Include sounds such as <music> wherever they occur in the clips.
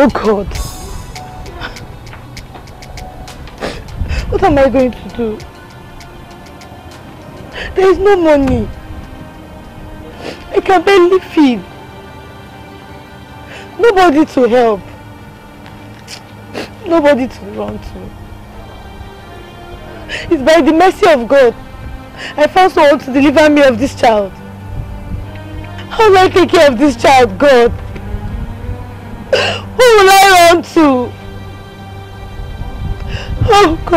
Oh God. What am I going to do? There is no money. I can barely feed. Nobody to help. Nobody to run to. It's by the mercy of God. I found someone to deliver me of this child. How will I take care of this child, God?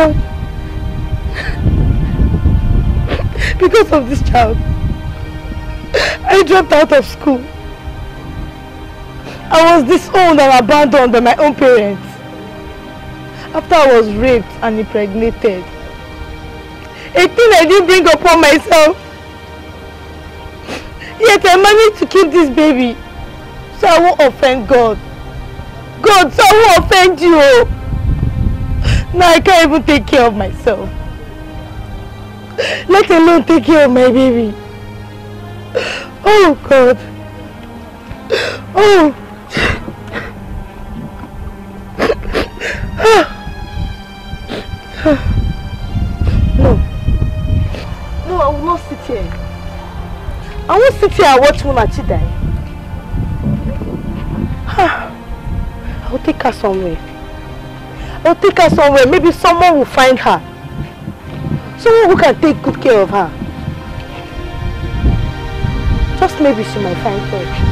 son. Because of this child, I dropped out of school. I was disowned and abandoned by my own parents. After I was raped and impregnated. A thing I didn't bring upon myself. Yet I managed to keep this baby. So I won't offend God. God, so I won't offend you. Now I can't even take care of myself. Let alone take care of my baby. Oh God. Oh. No. No, I will not sit here. I won't sit here and watch Munachi die. I will take her somewhere or take her somewhere. Maybe someone will find her. Someone who can take good care of her. Just maybe she might find her.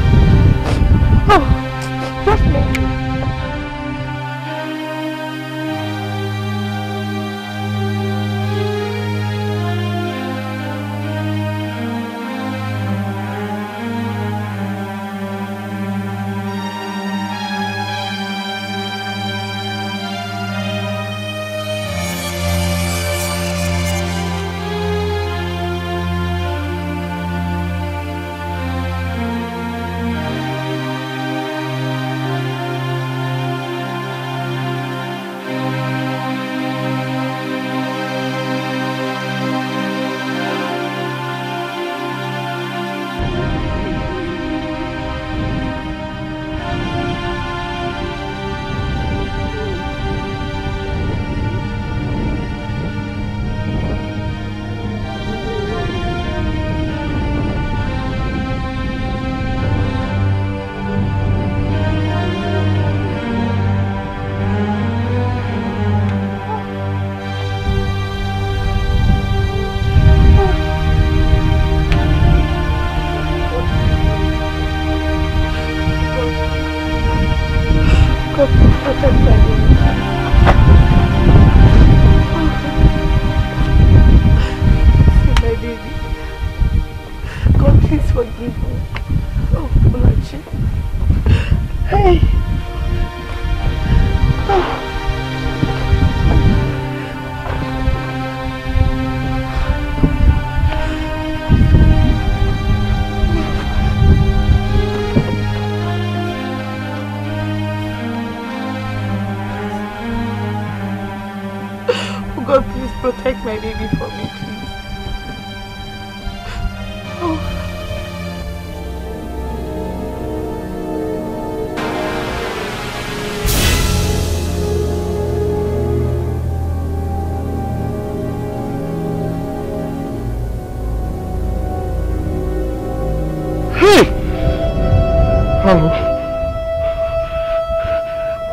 Hello?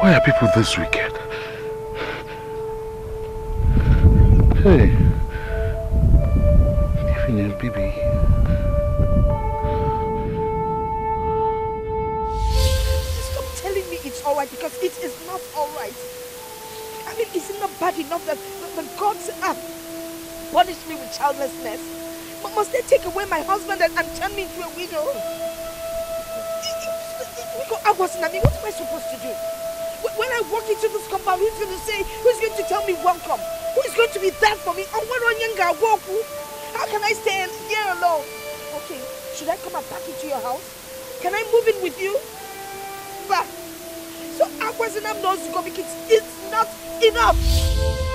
Why are people this wicked? Hey. person. I mean, what am I supposed to do? When I walk into this compound, who's going to say, who's going to tell me welcome? Who's going to be there for me? And when girl walk, how can I stand here alone? Okay, should I come and pack into your house? Can I move in with you? But, so Aquasinam knows because It's not enough.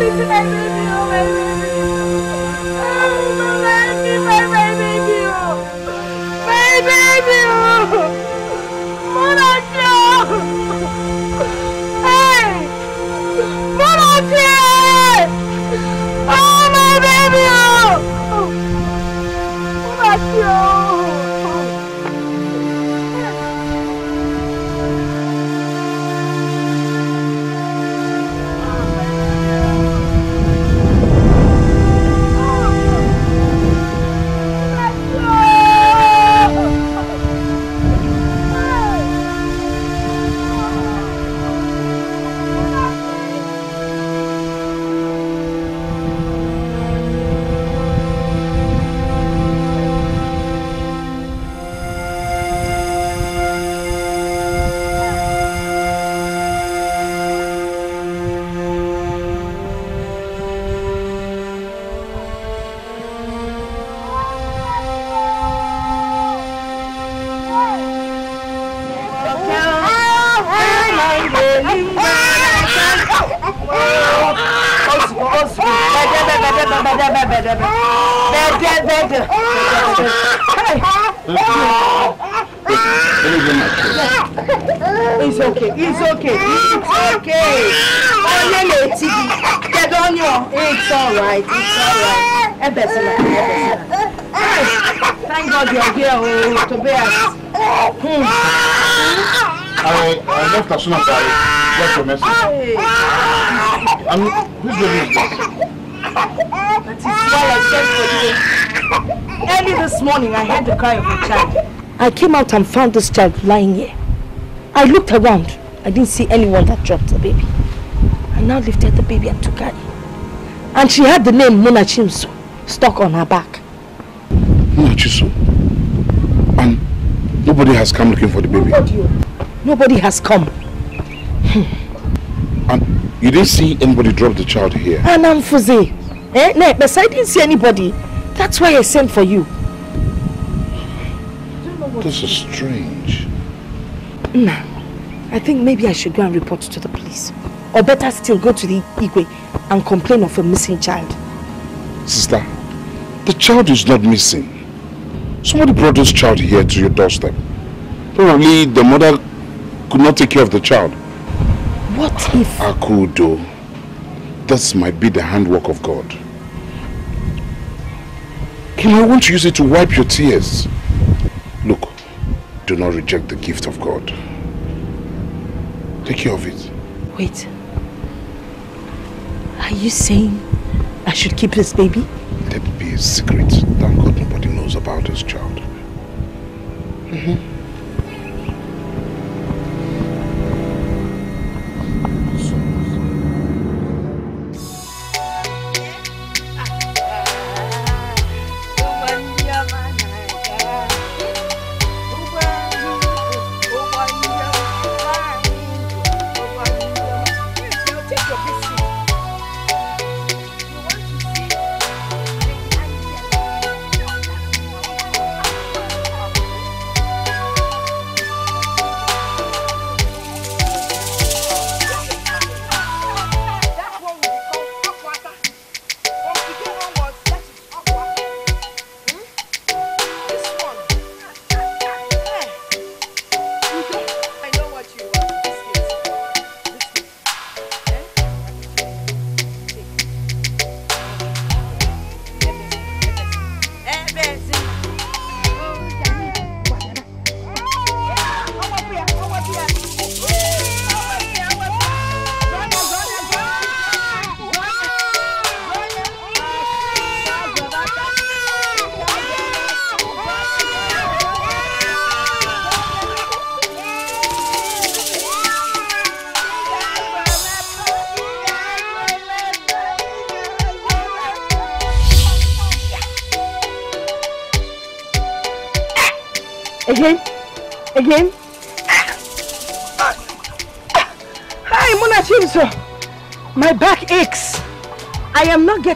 happy to baby. crying for child. I came out and found this child lying here. I looked around. I didn't see anyone that dropped the baby. I now lifted the baby and took her in. And she had the name Munachimso stuck on her back. Munachimso? Um, and nobody has come looking for the baby? Nobody, oh. nobody has come. Hmm. And you didn't see anybody drop the child here? Anamfuzi. Eh? No, besides, I didn't see anybody. That's why I sent for you this is strange. Nah, I think maybe I should go and report to the police. Or better still, go to the Igwe and complain of a missing child. Sister, the child is not missing. Somebody brought this child here to your doorstep. Probably the mother could not take care of the child. What if... Akudo, this might be the handwork of God. Can I want to use it to wipe your tears? do not reject the gift of God. Take care of it. Wait. Are you saying I should keep this baby? Let it be a secret. Thank God nobody knows about this child. Mm -hmm.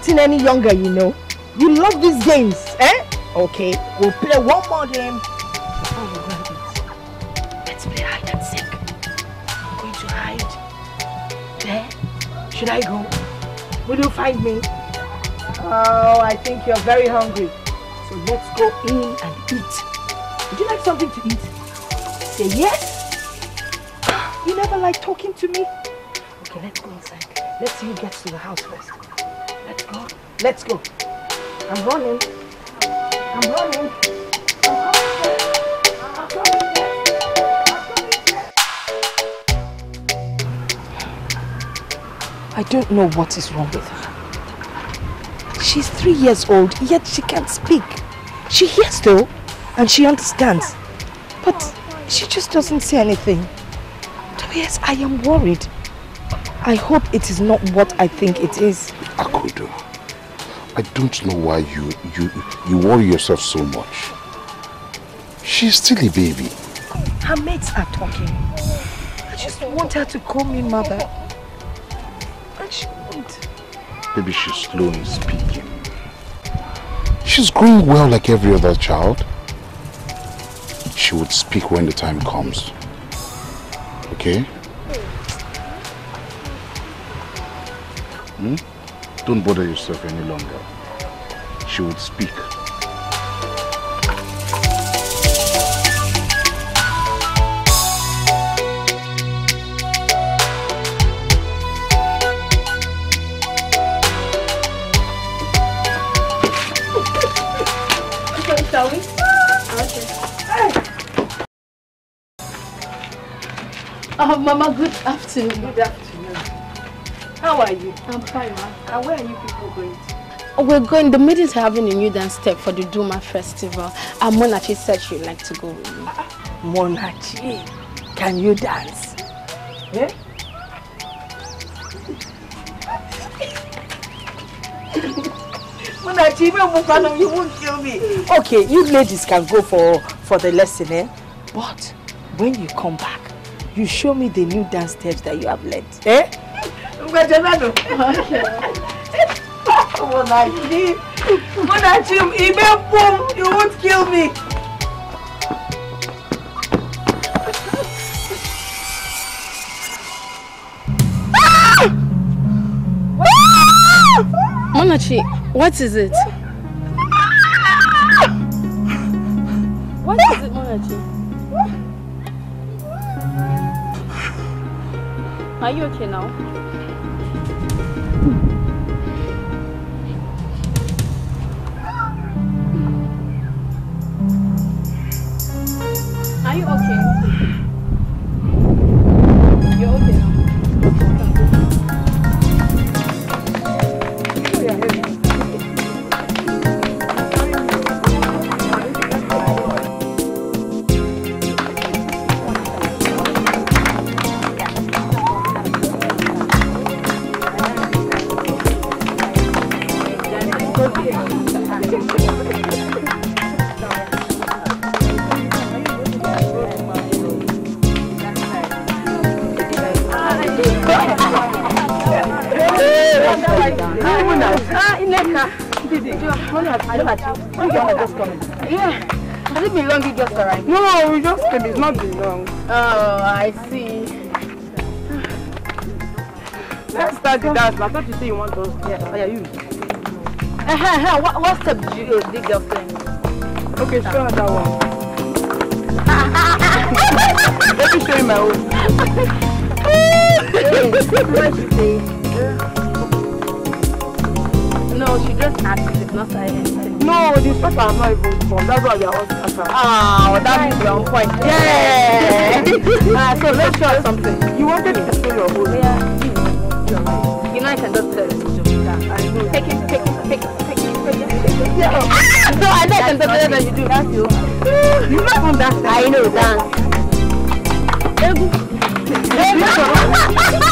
getting any younger, you know. You love these games, eh? Okay, we'll play one more game Let's play hide and seek. I'm going to hide. There? Should I go? Will you find me? Oh, I think you're very hungry. So let's go in and eat. Would you like something to eat? Say yes. <gasps> You never like talking to me. Okay, let's go inside. Let's see who gets to the house first. Let's go. I'm running. I'm running. I don't know what is wrong with her. She's three years old, yet she can't speak. She hears though, and she understands. But she just doesn't say anything. Tobias, I am worried. I hope it is not what I think it is. Akudo, I don't know why you, you, you worry yourself so much. She's still a baby. Her mates are talking. I just want her to call me mother. And she won't. Maybe she's slow in speaking. She's growing well like every other child. She would speak when the time comes. Okay? Hmm? Don't bother yourself any longer. She would speak. <laughs> Oh, Mama, good afternoon. Good afternoon are you? I'm fine, ma. And where are you people going to? We're going, the are having a new dance step for the Duma Festival. And Monachi said she'd like to go with me. Monachi, can you dance? Yeah? Monachi, you won't kill me. Okay, you ladies can go for, for the lesson, eh? But when you come back, you show me the new dance steps that you have learned, eh? Gbajabedo. Munachi, Munachi, Ibe you won't kill me. Monachi, what is it? What is it, Monachi? Are you okay now? Are you okay? long. Oh, I see. Let's start the dance. I thought you said you want those. Yeah, oh, yeah, you. Uh <laughs> -huh, what, what step do you dig up then? Okay, show me that one. Let me show you my own. hey, no, she just asked. It's not silent. No, the stuff I'm not even from. That's why we are all scattered. Oh, that means we're on point. Yeah. Ah, <laughs> so let's try something. You wanted to tell your vote. Yeah. You know I can just tell you. Take it, take it, take it, take it. Yeah. Ah, no, I know I can tell better than you do. That's you. You not from that. I know dance. Egu. Egu. <laughs>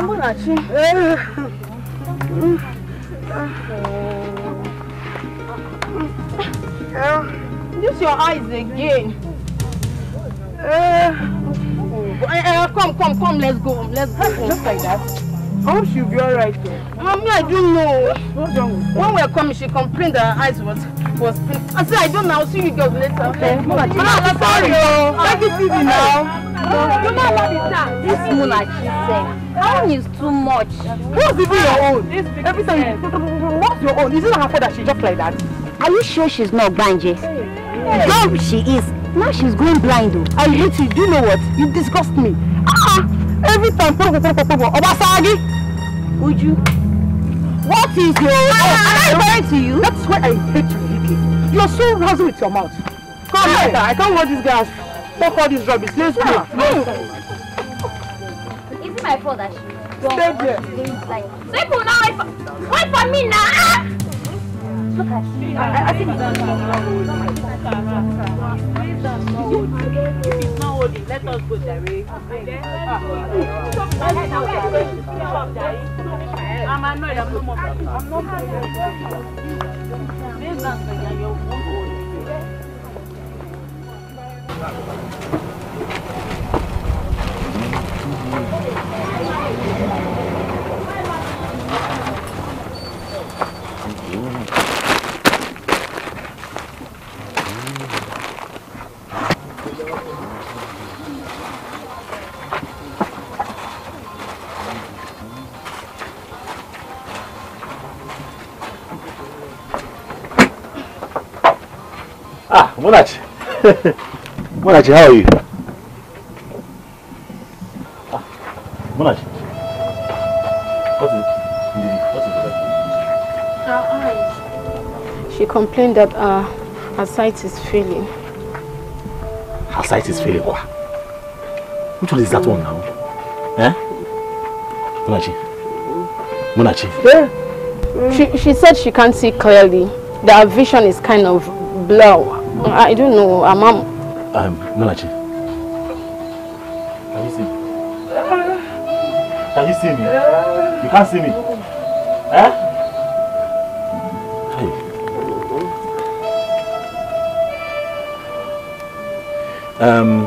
Ay Muratçım. This your eyes again. Uh, come, come, come, let's go. Let's go. Home. Just like that. I hope she'll be alright. Mommy, I don't know. What's wrong When we were coming, she complained that her eyes was was pink. I said, I don't know. I'll see you girls later. Okay. Munachi. I'm sorry. Take it easy now. You know what it is. This Munachi said. That one is too much. What's even your own? Every time what's your own? Isn't it her father? she just like that. Are you sure she's not Banji? Hey. No, she is. Now she's going blind though. I hate you. Do you know what? You disgust me. Ah, ah. every time. Obasagi. Would you? What is your... own? Ah, ah, am I lying to you? That's why I hate you, Vicky. You're so razzle with your mouth. Come here. I can't watch this guy. Fuck all these rubbish. Let's go my fault that she Stay there. like people now wait for, wait for me now. Look at you. I, I think it's if it's not holding, let us go Jerry. I'm annoyed, I'm not more. I'm not Thank you. Ah, Monati. <laughs> Monati, how are you? muna shi She complained that uh, her sight is failing. Her sight is failing? Wow. Which one is that one now? Eh? Munachi. Munachi. Yeah. She, she said she can't see clearly. That her vision is kind of blur. I don't know. Her mom. Um, Munachi. see me. You can't see me. Eh? Hey. Um,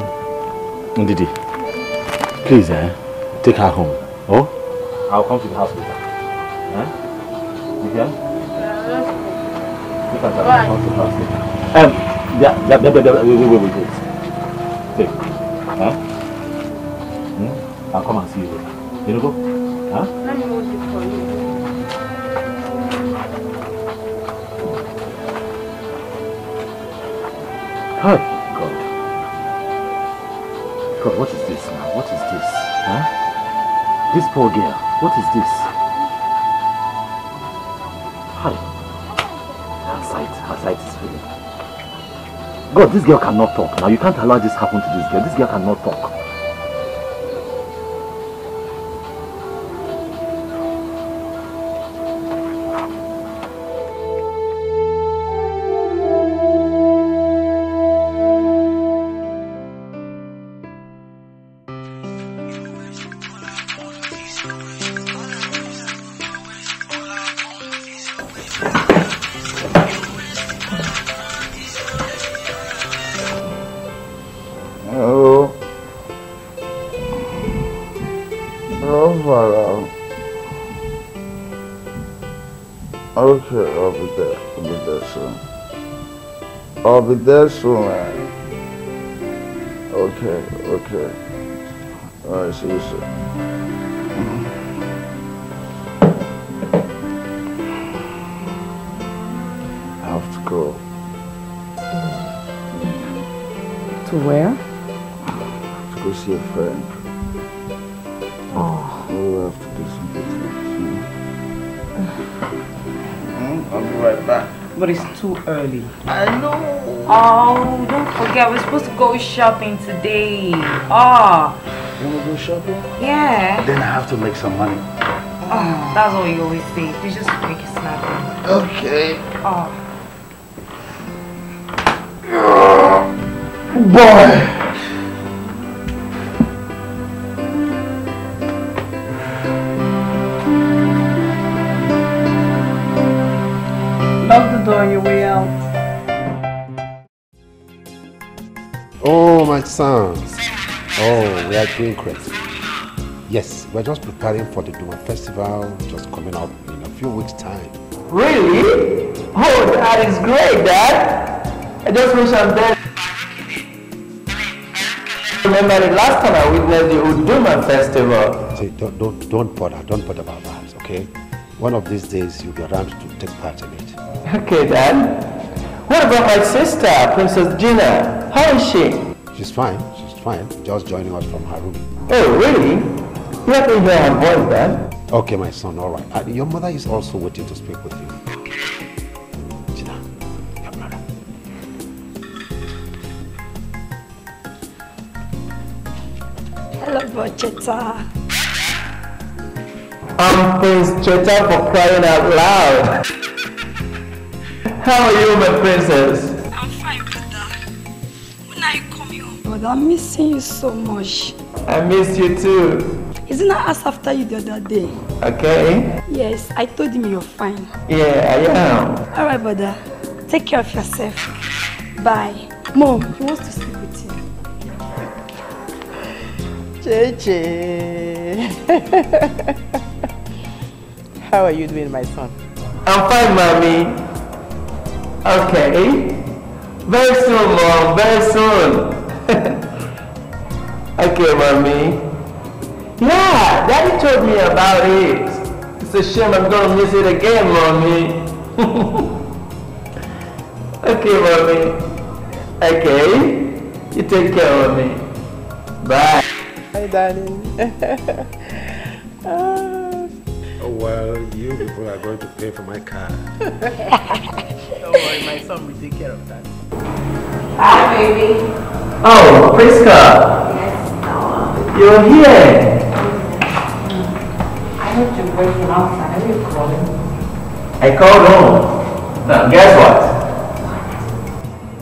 Ndidi, please, eh, take her home. Oh? I'll come to the house with her. Eh? You hear? You can come to the house with Um, yeah, yeah, yeah, yeah, wait, wait, wait, wait. Beautiful? Huh? Let me move this Hi, God. God, what is this now? What is this? Huh? This poor girl, what is this? Hi. Her sight, her sight is failing. God, this girl cannot talk. Now you can't allow this happen to this girl. This girl cannot talk. with this one. Okay, okay. All right, see you soon. I have to go. To where? to go see a friend. Oh. We'll have to do some business. Hmm? I'll be right back. But it's too early. I know. Oh, don't forget, we're supposed to go shopping today. Oh. You want to go shopping? Yeah. Then I have to make some money. Oh, that's what you always say. You just make it snappy. Okay. Oh. Boy. green great. Yes, we're just preparing for the Duma Festival, just coming up in a few weeks' time. Really? Oh, that is great, Dad! I just wish I'm there. I remember the last time I witnessed the Uduma Festival. See, don't, don't, don't bother, don't bother about that, okay? One of these days you'll be around to take part in it. Okay, Dad. What about my sister, Princess Gina? How is she? She's fine fine, just joining us from her room. Oh, really? You have to hear her voice then? Okay, my son, all right. Uh, your mother is also waiting to speak with you. Hello, Cheta. I'm um, Prince Cheta for crying out loud. How are you, my princess? God. I'm missing you so much. I miss you too. Isn't I asked after you the other day? Okay. Yes, I told him you're fine. Yeah, I am. All right, brother. Take care of yourself. Bye. Mom, he wants to sleep with you. Cheche. How are you doing, my son? I'm fine, mommy. Okay. Very soon, mom. Very soon. <laughs> okay, mommy. Yeah, daddy told me about it. It's a shame I'm gonna miss it again, mommy. <laughs> okay, mommy. Okay, you take care of me. Bye. Hi, darling. <laughs> Ah. oh, well, you people are going to pay for my car. Don't worry, my son will take care of that. Hi, baby. Oh, Priska. Yes, Noah. You're here. I heard you working outside. Are you calling? I called home. Now, guess what?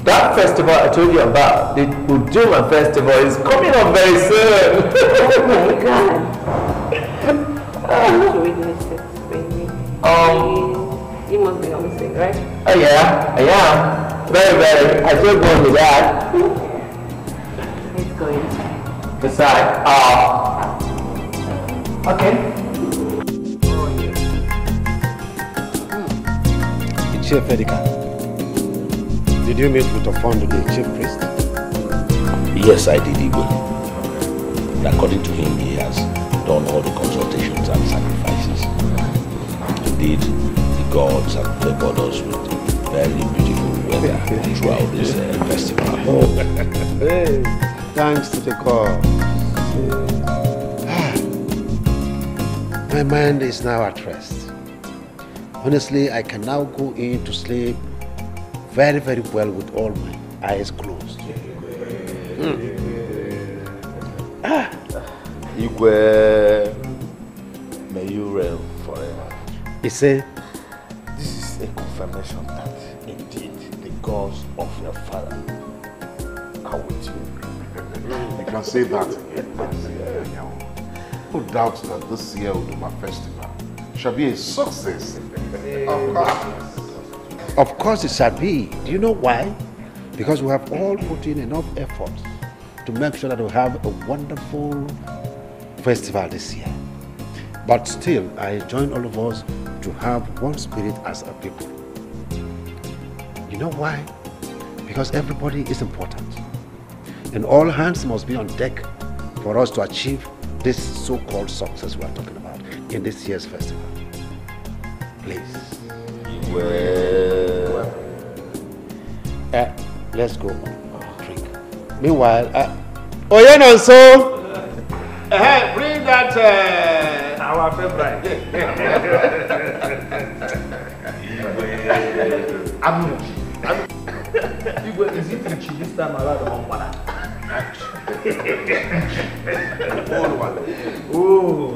That festival I told you about, the Ujuma Festival, is coming up very soon. <laughs> oh my god. I to witness it, Um, you must be on homesick, right? Oh yeah, I am. Very, very. I feel going with that. It's good. It's ah, Uh, okay. The hmm. Chief medical. did you meet with the founder, the chief priest? Yes, I did, Igwe. According to him, he has done all the consultations and sacrifices. Indeed, the gods have favored us with very beautiful weather throughout this uh, festival. Oh. <laughs> hey, thanks to the call. Ah, my mind is now at rest. Honestly, I can now go in to sleep very, very well with all my eyes closed. Mm. Ah. may you reign forever. He said, a confirmation that indeed the gods of your father are with you. you can say that Who No doubt that this year Uduma Festival shall be a success. Of course. Of course it shall be. Do you know why? Because we have all put in enough effort to make sure that we have a wonderful festival this year. But still, I join all of us to have one spirit as a people. You know why? Because everybody is important. And all hands must be on deck for us to achieve this so-called success we are talking about in this year's festival. Please. Well. Uh, let's go oh. drink. Meanwhile, uh, eh. oh yeah, no, so uh, eh, bring that. Uh, àwa fẹ́ báyìí. amúnjì igwe ezipụchi this time around ọ gbara. Oh.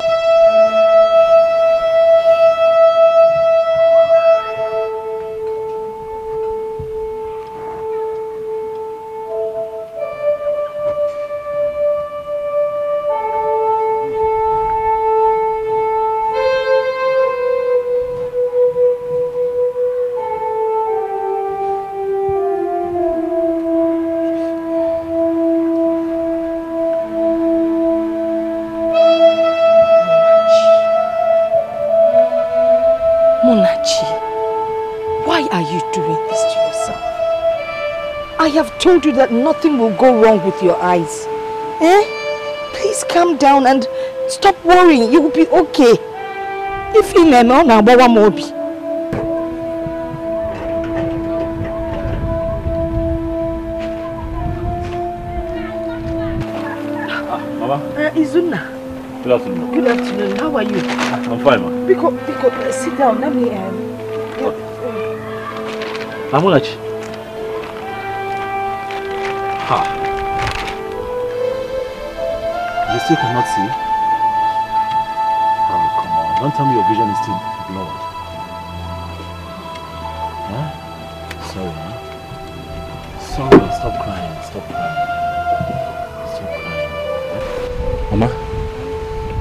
told you that nothing will go wrong with your eyes. Eh? Please calm down and stop worrying. You will be okay. If in an honor, Bawa Mobi. Izuna. Good afternoon. Good afternoon. How are you? Ah, I'm fine, ma. Pick up, pick up. Sit down. Let me. Um, uh, eh, Amulachi. still cannot see? Oh, come on. Don't tell me your vision is still blurred. Huh? Sorry, huh? Sorry, stop crying. Stop crying. Stop crying. Huh? Mama,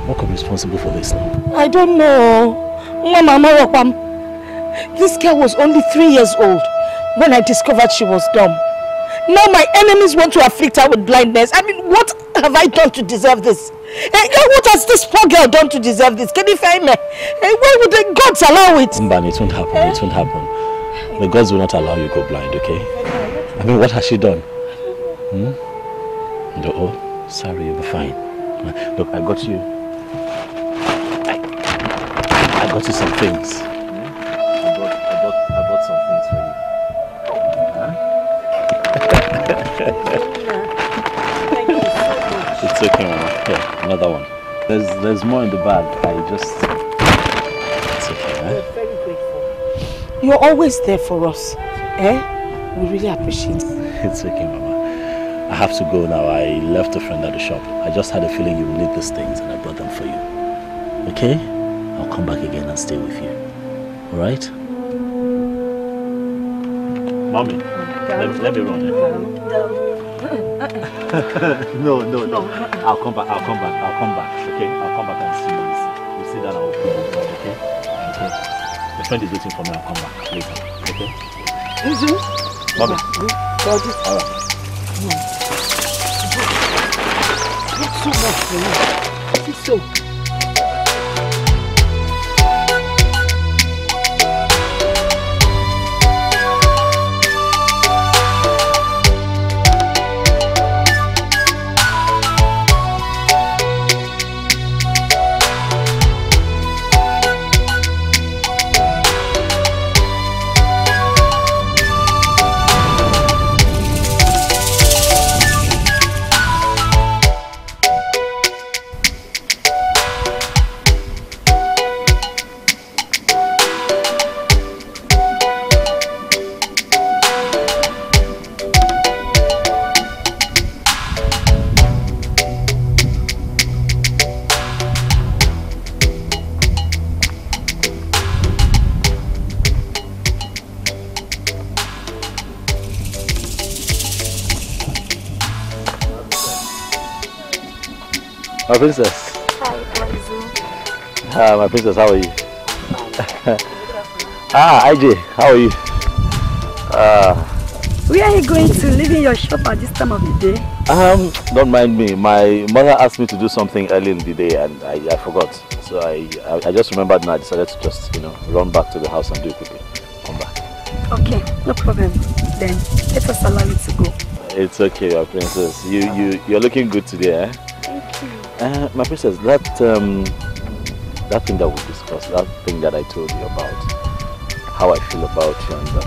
what could be responsible for this now? I don't know. Mama, Mama, this girl was only three years old when I discovered she was dumb. Now my enemies want to afflict her with blindness have I done to deserve this? Hey, eh, eh, hey, what has this poor girl done to deserve this? Can you find me? Hey, eh, why would the gods allow it? Mban, it won't happen. It won't happen. The gods will not allow you to go blind, okay? I mean, what has she done? Hmm? No, oh, sorry, you'll be fine. Look, I got you. I, I got you some things. There's more in the bag. I just. It's okay, eh? We're very grateful. You're always there for us, eh? We really appreciate it. <laughs> It's okay, Mama. I have to go now. I left a friend at the shop. I just had a feeling you would need these things and I brought them for you. Okay? I'll come back again and stay with you. Alright? Mommy, let, let me run. <laughs> no, no, no. I'll come back. I'll come back. I'll come back. Okay. I'll is see that I will and uh, we'll uh, okay? Okay. The friend is waiting for me, I'll come back later. Okay? Is it? Bobby. so much for you. so princess. Hi, Hi, ah, my princess. How are you? <laughs> ah, IJ, how are you? Uh, Where are you going to leave in your shop at this time of the day? Um, don't mind me. My mother asked me to do something early in the day and I, I forgot. So I, I, I just remembered and I decided to just, you know, run back to the house and do it quickly. Come back. Okay, no problem. Then let us allow you to go. It's okay, your princess. You, you, you're looking good today, eh? Uh, my princess, that um, that thing that we discussed, that thing that I told you about, how I feel about you and that.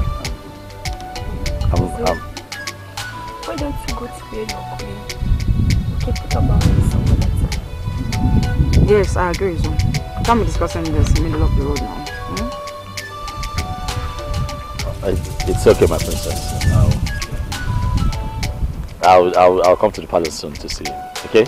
Um, uh, I'm, so, I'm, why don't you go to where your queen? We can talk about it some Yes, I agree with can't be discussing this middle of the road now. Hmm? I, it's okay, my princess. I'll, I'll, I'll come to the palace soon to see you, okay?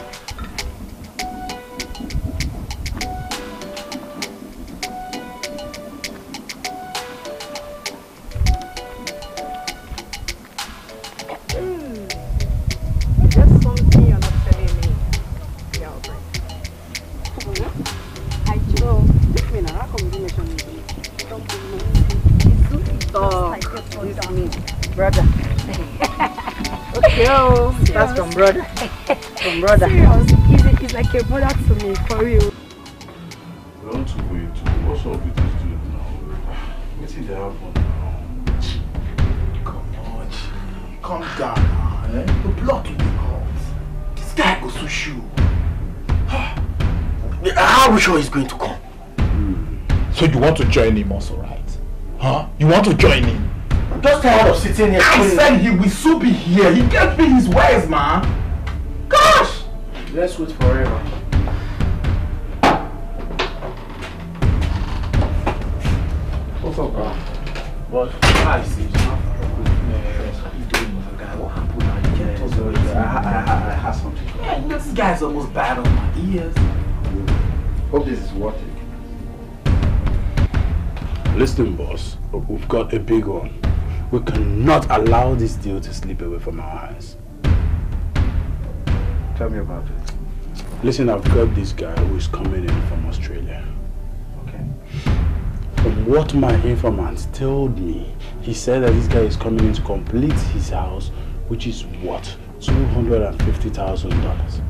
brother. Serious. He's, he's like a brother to me, for real. We want to wait. What's up with this dude now? What did happen now? Come on, calm down. Eh? You're blocking the calls. This guy goes to shoot. How are sure he's going to come? Hmm. So you want to join him also, right? Huh? You want to join him? I'm just tired of sitting here. I said he will soon be here. He can't be his ways, man. That's good forever. What's up, bro? But I see. This guy's almost bad on my ears. Hope this is worth it. Listen, boss, we've got a big one. We cannot allow this deal to slip away from our eyes. Tell me about it. Listen, I've got this guy who is coming in from Australia. Okay. From what my informant told me, he said that this guy is coming in to complete his house, which is what? $250,000.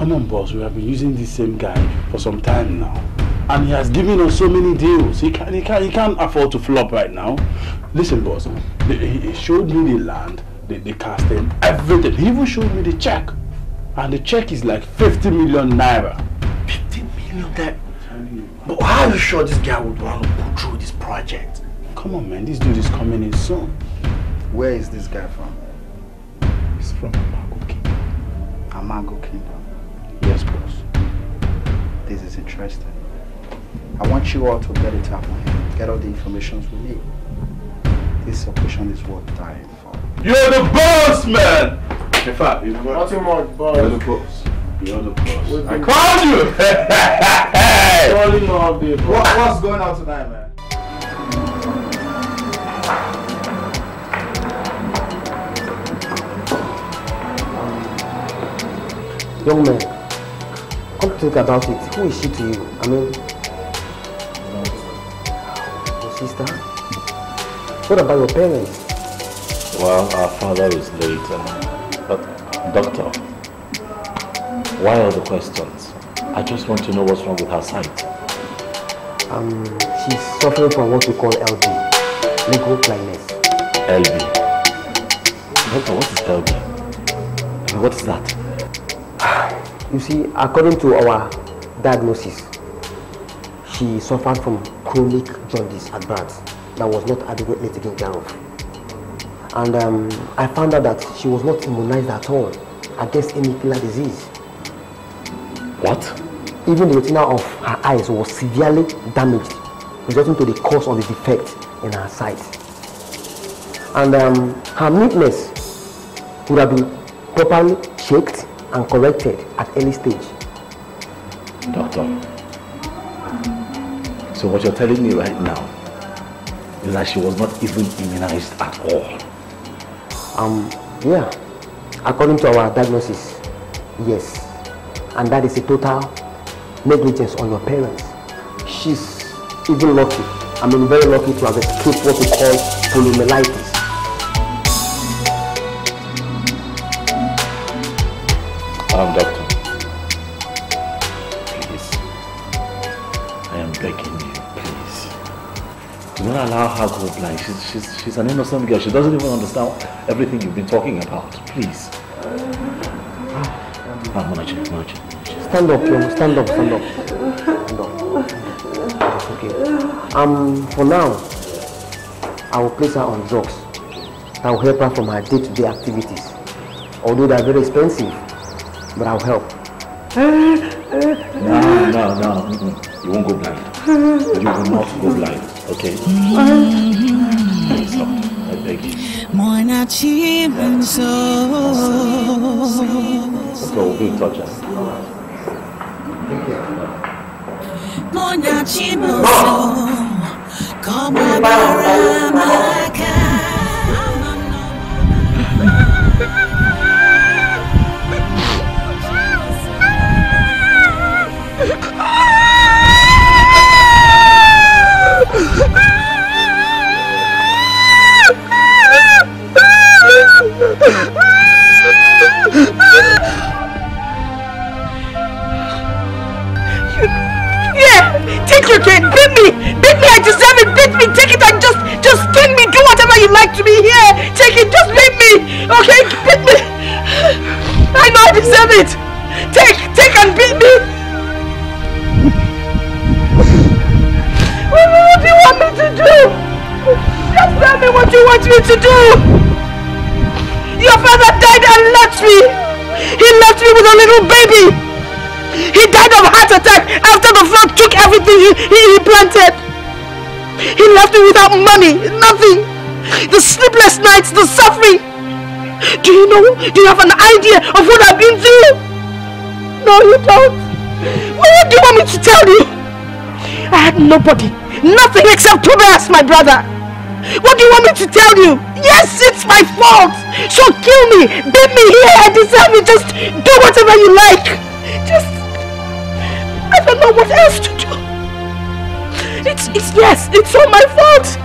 Come on, boss. We have been using this same guy for some time now. And he has given us so many deals. He, can, he, can, he can't afford to flop right now. Listen, boss. he showed me the land, the, the casting, everything. He even showed me the check. And the check is like 50 million naira. 50 million naira? But how are you sure this guy would want to put through this project? Come on, man. This dude is coming in soon. Where is this guy from? He's from Amago Kingdom. Amago Kingdom. this is interesting. I want you all to get it up and get all the information we need. This operation is worth dying for. You're the boss, man! In fact, you're the boss. Nothing more, You're the boss. You're the boss. I called you! <laughs> what's going on tonight, man? Young man, think about it, who is she to you? I mean, your sister? What about your parents? Well, our father is late, and, but doctor, why all the questions? I just want to know what's wrong with her sight. Um, she's suffering from what we call LB, legal blindness. LB? Doctor, what is LB? I mean, what is that? You see, according to our diagnosis, she suffered from chronic jaundice at birth that was not adequately taken care of. And um, I found out that she was not immunized at all against any killer disease. What? Even the retina of her eyes was severely damaged, resulting to the cause of the defect in her sight. And um, her meatness would have been properly checked and corrected at any stage. Doctor, so what you're telling me right now is that she was not even immunized at all? Um, yeah. According to our diagnosis, yes. And that is a total negligence on your parents. She's even lucky, I mean very lucky to have escaped what we call poliomyelitis. allow her to blind. She's, she's, she's an innocent girl. She doesn't even understand everything you've been talking about. Please. Ah, ah Monachi, Monachi. Stand up, Stand up, stand up. Stand up. Okay. Um, for now, I will place her on drugs. I will help her from her day-to-day -day activities. Although they are very expensive, but I'll help. No, no, no. Mm -mm. You won't go blind. You will not go blind okay. Please stop. I beg you. Yes. yeah, take your kid, beat me, beat me, I deserve it, beat me, take it and just, just skin me, do whatever you like to me here, take it, just beat me, okay, beat me, I know I deserve it, take, take and beat me. What do you want me to do? Just tell me what you want me to do. Your father died and left me. He left me with a little baby. He died of heart attack after the flood took everything he, he, planted. He left me without money, nothing. The sleepless nights, the suffering. Do you know? Do you have an idea of what I've been through? No, you don't. What do you want me to tell you? I had nobody, nothing except Tobias, my brother. What do you want me to tell you? Yes, it's my fault. So kill me. Beat me here. I deserve it. Just do whatever you like. Just... I don't know what else to do. It's... It's... Yes, it's all my fault.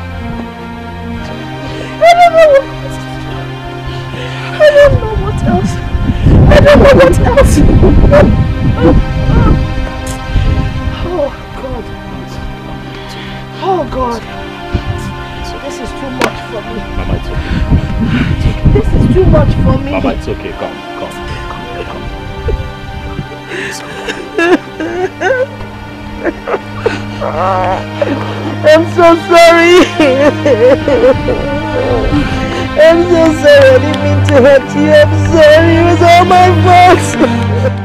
I don't know what else I don't know what else. I don't know what else. oh, God. Oh, God. too much for me. Mama, it's okay. Come, come, come, come. <laughs> I'm so sorry. <laughs> I'm so sorry. I didn't mean to hurt you. I'm sorry. It was all my fault. <laughs>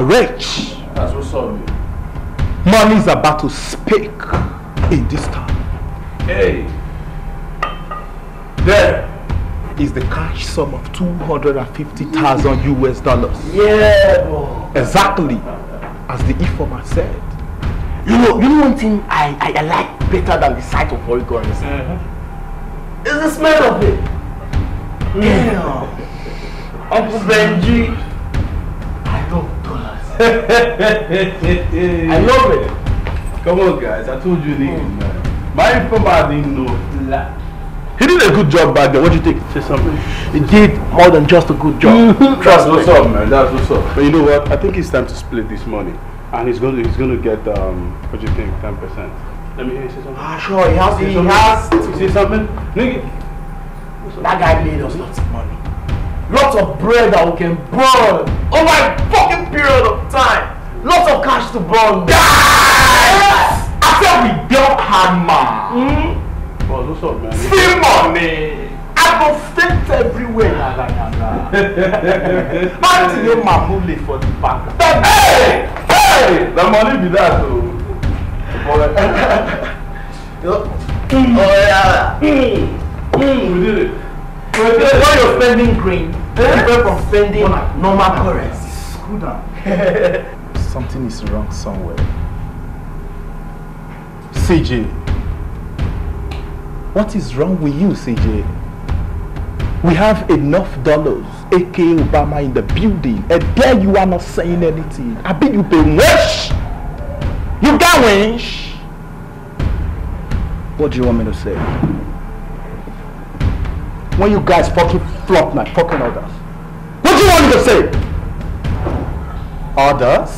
are rich. That's what's up. Money is about to speak in this town. Hey. There is the cash sum of 250,000 US dollars. Yeah, bro. Exactly as the informer said. You know, you know one thing I, I, I like better than the sight of Oregon uh-huh. is the smell of it. Yeah, Damn. Uncle Benji. <laughs> I love it. Come on, guys. I told you the oh. man. My informant didn't know. He did a good job back there. What do you think? Say something. He did more than just a good job. <laughs> Trust That's what's up, man. That's what's up. But you know what? I think it's time to split this money. And he's gonna he's gonna get um what do you think? Ten percent. Let me hear you say something. Ah sure, he has he, has to say something. Nigga. That guy made us lots of money. lots of bread that we can burn over a fucking period of time, lots of cash to burn. Yes! After we built Hammer, mm? Mm-hmm. well, money. I go state everywhere. Nah, nah, nah, nah. Man, Mamule for the bank. Hey! Hey! The money be that, though. <laughs> Mm. oh, yeah. Mm. Mm. We did it. Why you spending green? very different from spending normal currency. Cool down. <laughs> Something is wrong somewhere. CJ. What is wrong with you, CJ? We have enough dollars, aka Obama in the building, and there you are not saying anything. I bet you been wish. You got wish. What do you want me to say? when you guys fucking flop my fucking orders, What do you want me to say? Orders?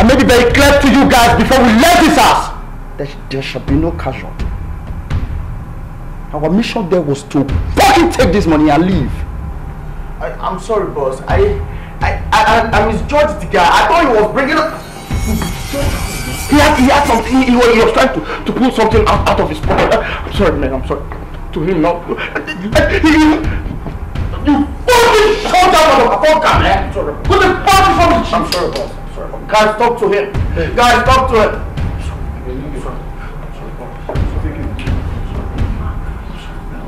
I made it very clear to you guys before we left this house there, there shall be no casual. Our mission there was to fucking take this money and leave. I, I'm sorry, boss. I, I, I, I, I misjudged the guy. I thought he was bringing up. He had, he had something. He, he was trying to, to pull something out, out of his pocket. <laughs> I'm sorry, man. I'm sorry to him now. You fucking shut up, motherfucker, man! Put the fuck from the I'm sorry, boss. I'm sorry, boss. Guys, talk to him. Hey. Guys, talk to him.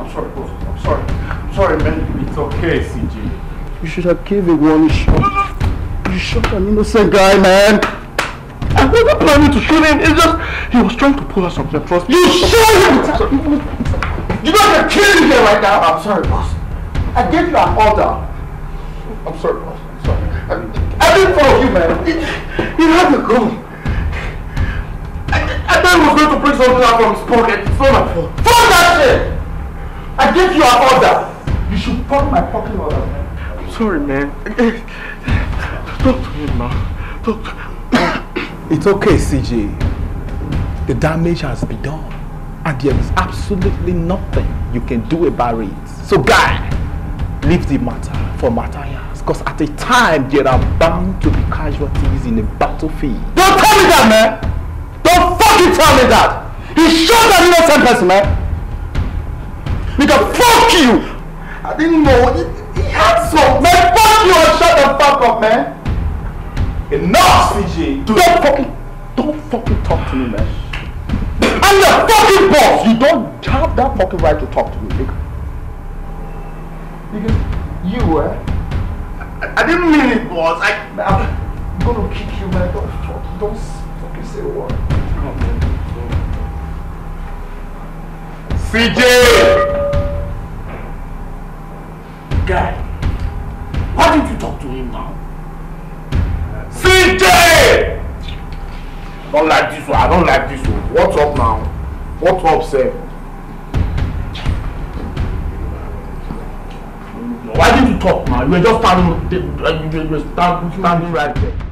I'm sorry. boss. I'm sorry. I'm sorry, man. It's okay, CJ. You should have given one shot. You shot an innocent guy, man. I wasn't planning to shoot him. It's just he was trying to pull us up the trust. You shot him! You guys are killing me here right now. I'm sorry, boss. I gave you an order. I'm sorry, boss. I'm sorry. I, I didn't follow you, man. You had to go. I, thought he was going to bring something out from his pocket. It's not my fault. Fuck that shit! I gave you an order. You should fuck my fucking order, man. I'm sorry, man. Talk to him man. Talk to him. It's okay, CJ. The damage has been done and there is absolutely nothing you can do about it. So guy, leave the matter for matters because at a time there are bound to be casualties in a battlefield. Don't tell me that man! Don't fucking tell me that! He shot an innocent person man! Nigga fuck you! I didn't know, he, he had some, man fuck you and shut the fuck up man! Enough CJ! Don't fucking, don't fucking talk to me man. I'm the fucking boss. You don't have that fucking right to talk to me, nigga. Nigga, you were. Eh? I, I didn't mean it, boss. I, I'm gonna kick you, man. Don't talk. Don't fucking say a word. CJ! Guy, why didn't you talk to him now? CJ! Don't like this one. I don't like this one. What's up now? What's up, sir? Why did you talk now? You were just standing, You were standing right there.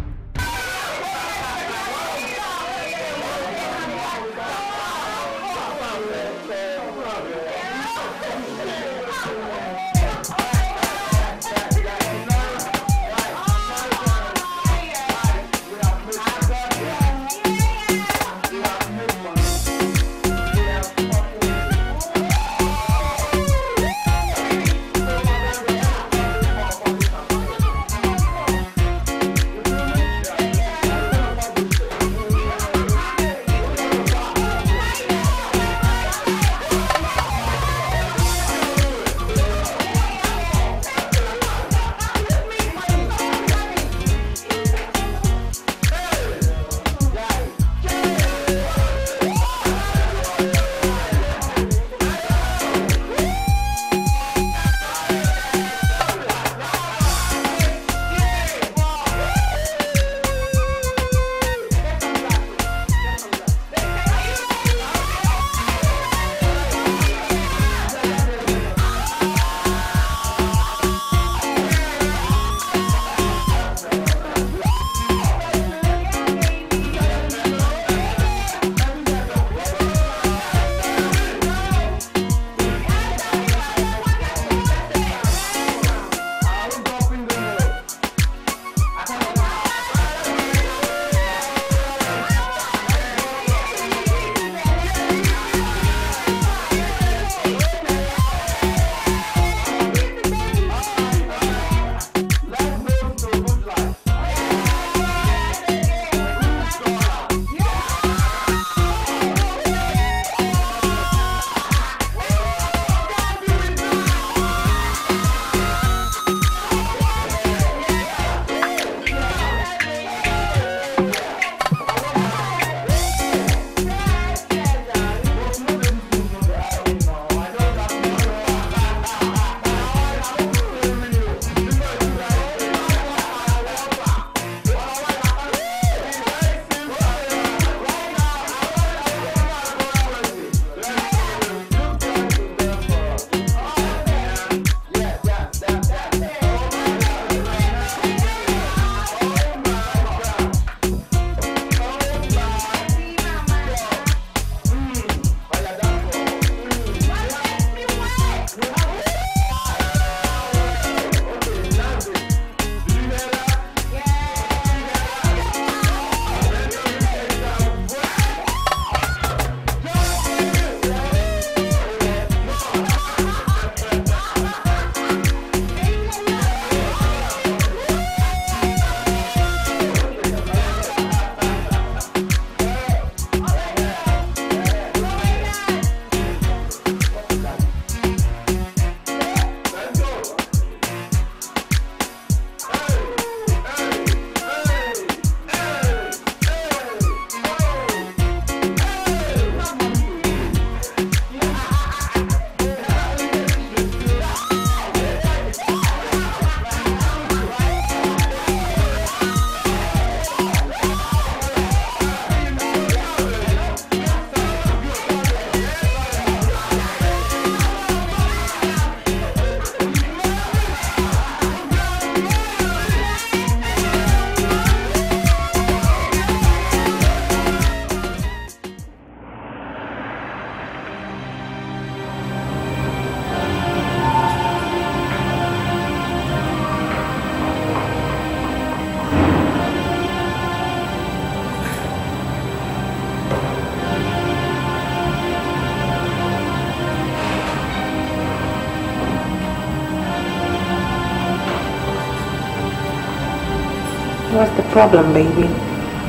problem, baby?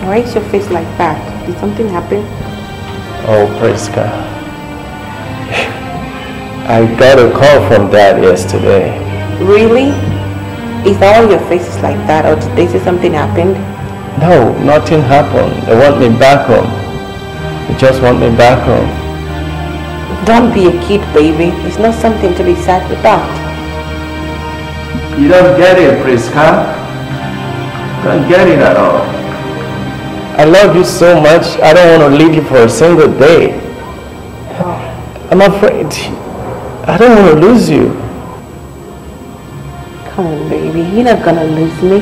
Why is your face like that? Did something happen? Oh, praise God. I got a call from dad yesterday. Really? Is all your faces like that or did they say something happened? No, nothing happened. They want me back home. They just want me back home. Don't be a kid, baby. It's not something to be sad about. You don't get it, Priska. Can't get it at all. I love you so much. I don't want to leave you for a single day. Oh. I'm afraid. I don't want to lose you. Come on, baby. You're not gonna lose me.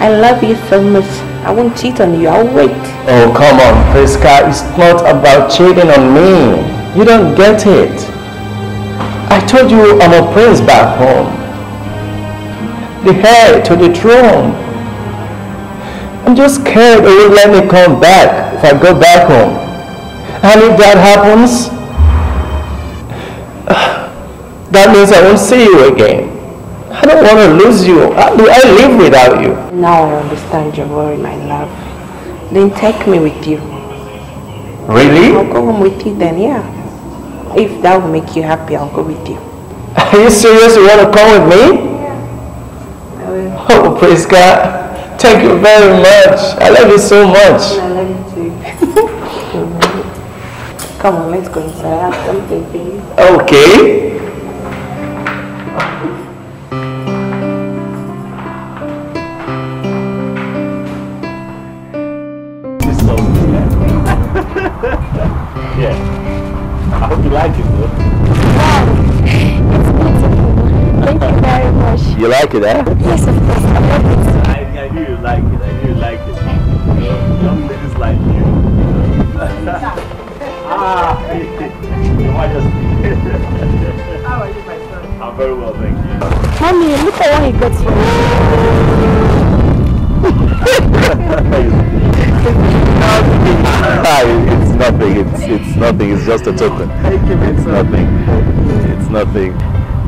I love you so much. I won't cheat on you. I'll wait. Oh, come on, Priska. It's not about cheating on me. You don't get it. I told you I'm a prince back home. The heir to the throne. I'm just scared it won't let me come back if I go back home. And if that happens, <sighs> that means I won't see you again. I don't want to lose you. do I live without you? Now I understand your worry, my love. Then take me with you. Really? I'll go home with you then, yeah. If that will make you happy, I'll go with you. <laughs> Are you serious? You want to come with me? Yeah. I will. <laughs> Oh, praise God. Thank you very much. I love you so much. I love you too. <laughs> Come on, let's go inside. I have something for you. Okay. <laughs> yeah. I hope you like it though. Wow. <laughs> It's beautiful. Thank you very much. You like it, eh? Yes, of course. I love it. I knew you like it. I knew you like it. You know, young ladies like you. <laughs> ah, you might just How are you, my son? I'm very well, thank you. Mommy, look at what he got for you. it's nothing. It's it's nothing. It's just a token. It's nothing. It's nothing.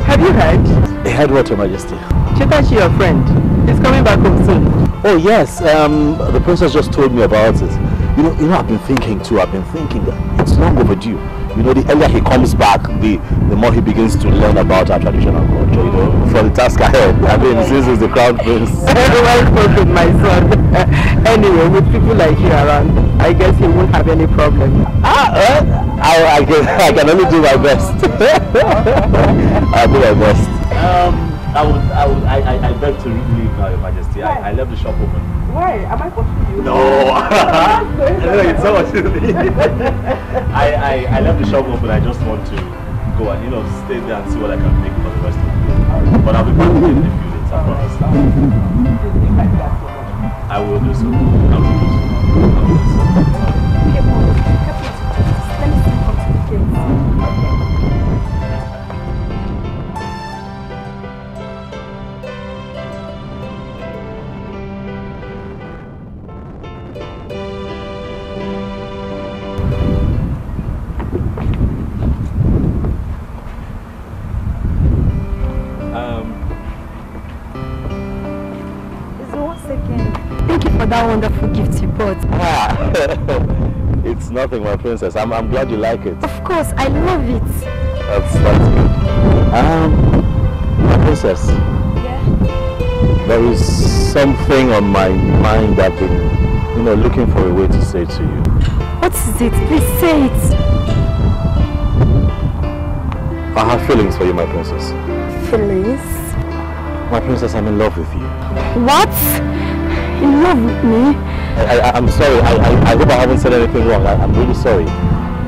Have you heard? I heard what, Your Majesty? Chetachi, your friend, He's coming back home soon. Oh yes, um, the has just told me about it. You know, you know, I've been thinking too. I've been thinking that it's long overdue. You know, the earlier he comes back, the the more he begins to learn about our traditional culture. You know, for the task ahead. <laughs> I mean, this is the crown prince. well <laughs> spoken, my son. <laughs> anyway, with people like you around, I guess he won't have any problem. Ah, eh? I, I can I can only do my best. I'll do my best. Um, I would I would I I, I beg to really now, Your Majesty. Why? I, I left the shop open. Why? Am I pushing you? No! no, it's not what you I, I, I left the shop open. I just want to go and, you know, stay there and see what I can make for the rest of the day. But I'll be back in a few days, I promise. <laughs> I will do so. I will do so. I will do so. princess. I'm, I'm glad you like it. Of course, I love it. That's, that's good. Um, my princess. Yeah? There is something on my mind that I've been, you know, looking for a way to say to you. What is it? Please say it. I have feelings for you, my princess. Feelings? My princess, I'm in love with you. What? In love with me? I, am sorry. I, I, I, hope I haven't said anything wrong. I, am really sorry.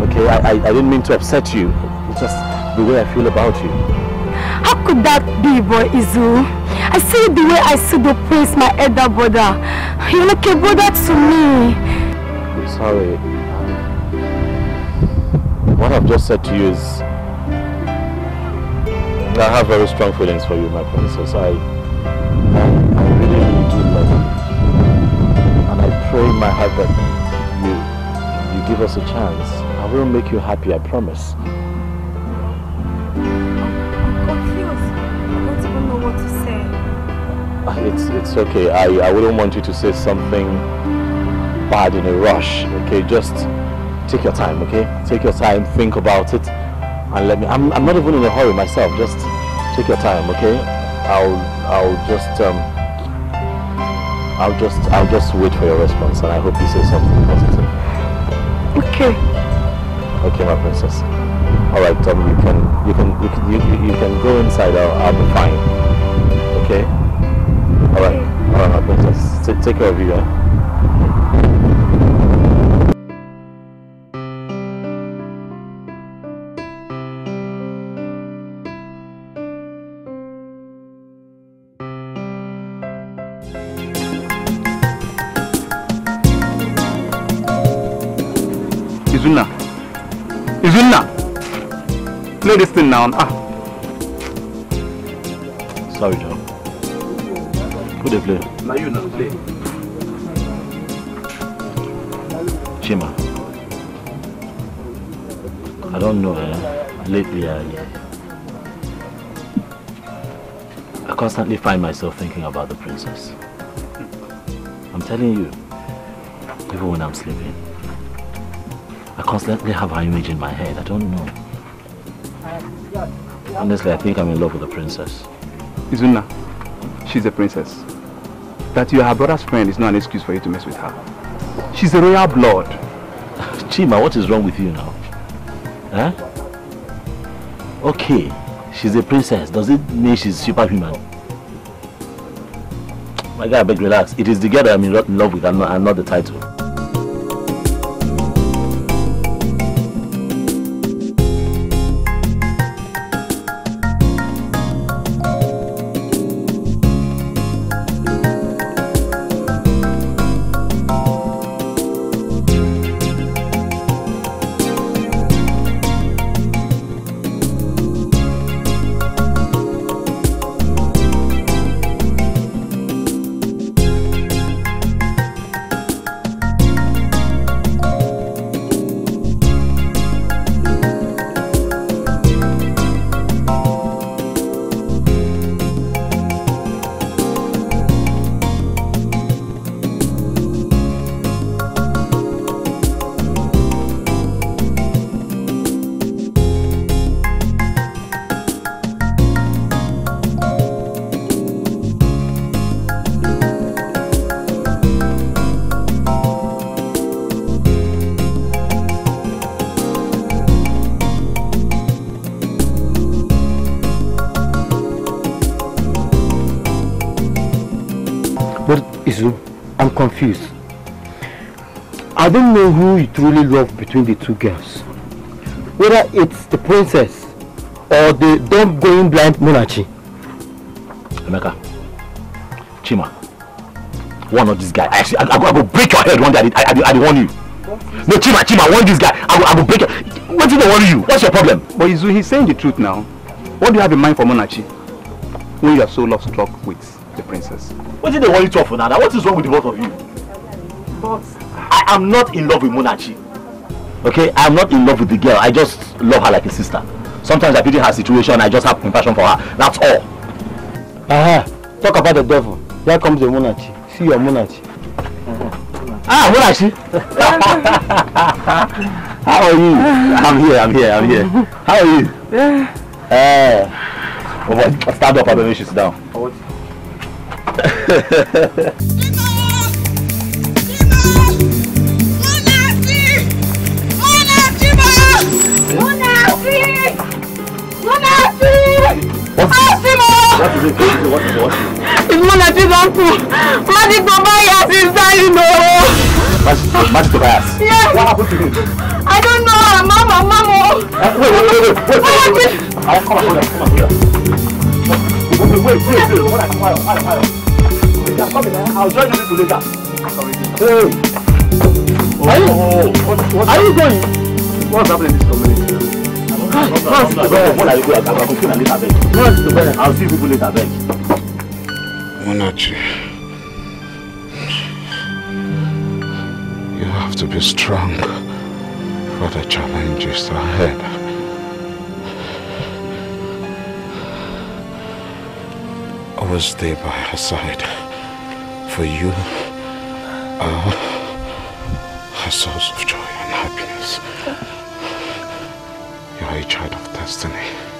Okay, I, I, I, didn't mean to upset you. It's just the way I feel about you. How could that be, boy Izu? I see the way I see the prince, my elder brother. You're like a brother to me. I'm sorry. What I've just said to you is... I have very strong feelings for you, my princess. I... my heart that you, you give us a chance. I will make you happy, I promise. It's, it's okay. I, I wouldn't want you to say something bad in a rush, okay? Just take your time, okay? Take your time, think about it, and let me... I'm, I'm not even in a hurry myself. Just take your time, okay? I'll, I'll just... Um, I'll just, I'll just wait for your response and I hope you say something positive. Okay. Okay, my princess. All right, Tom, you can, you can, you can, you, you can go inside. I'll, I'll be fine. Okay. All right. All right, my princess. T take care of you. eh? now. Play this thing now. Ah. Sorry, John. Who they play? Now you now play. Chima. I don't know, eh? Lately, I... I constantly find myself thinking about the princess. I'm telling you, even when I'm sleeping constantly have her image in my head. I don't know. Honestly, I think I'm in love with the princess. Izuna, she's a princess. That you're her brother's friend is not an excuse for you to mess with her. She's a royal blood. <laughs> Chima, what is wrong with you now? Huh? Okay, she's a princess. Does it mean she's superhuman? My guy, I beg relax. It is the girl I'm in love with and not, and not the title. don't know who you truly love between the two girls. Whether it's the princess or the dumb going blind monarchy. Emeka, Chima, warn of this guy. I, I, I, I will break your head one day. I, I, I, I warn you. No, Chima, Chima, warn this guy. I will, I will break your... What did they warn you? What's your problem? But Izu, he's saying the truth now. What do you have in mind for monarchy When you are so lost struck with the princess. What did they worry you for now? What is wrong with the both of you? But I'm not in love with Munachi. Okay, I'm not in love with the girl. I just love her like a sister. Sometimes I pity her situation. I just have compassion for her. That's all. Uh huh. talk about the devil. Here comes the Munachi. See your Munachi. Ah, Munachi. <laughs> How are you? I'm here, I'm here, I'm here. How are you? Yeah. Uh, stand up, I don't know you sit down. <laughs> uncle. Magic Tobias is dying, no. Magic, Magic Tobias? Yes. What happened to him? I don't know. Mama, Mama. Uh, wait, wait, wait, wait. wait, wait, wait. I'll come and hold Come and hold Wait, wait, wait, wait. Hold her, hold her, hold her. I'll join you people later. Hey. are you, oh, oh, are you going? What's happening in this community? What's the best? What are you going? I'll see people later, not you. You have to be strong for the challenges ahead. I was stay by her side, for you are her source of joy and happiness. You are a child of destiny.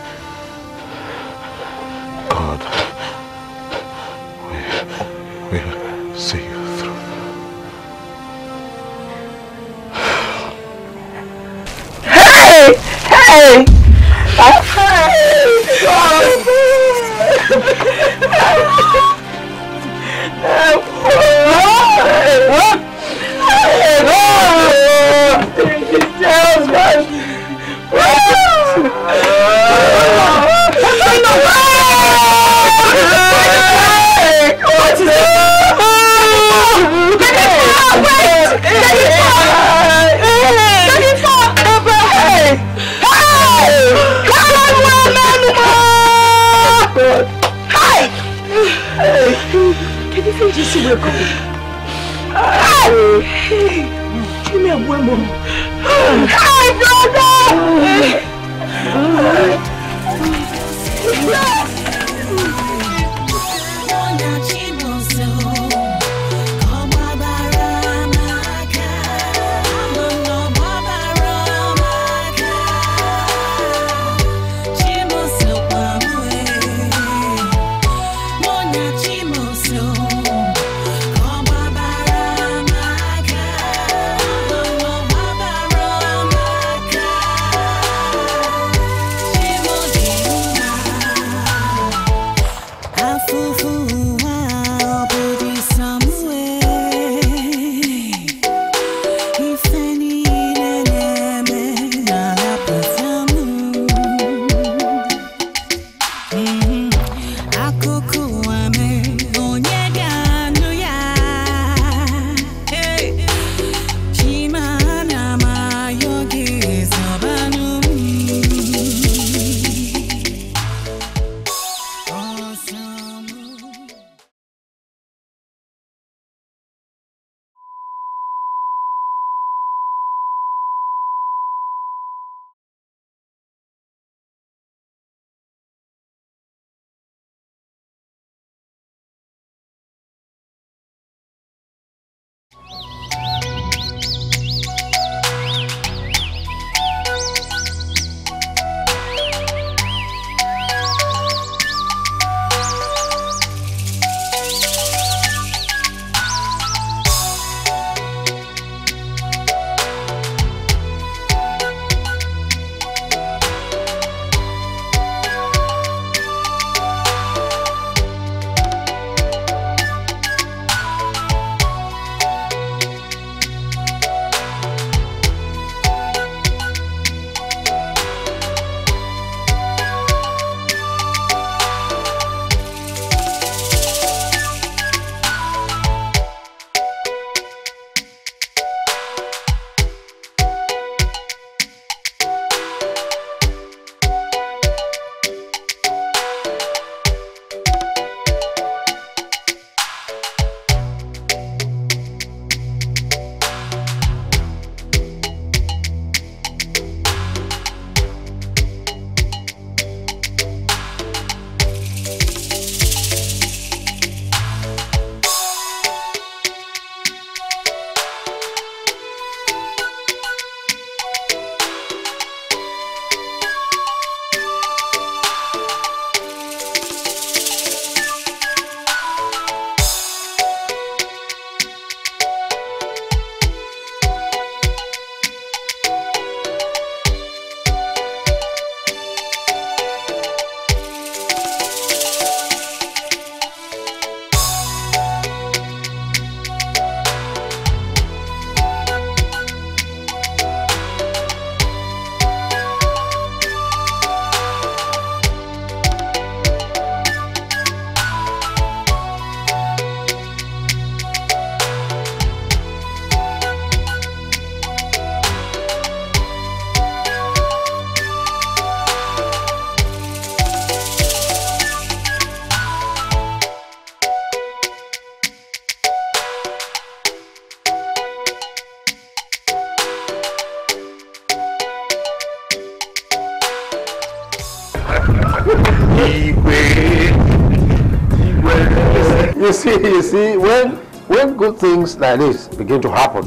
things like this begin to happen,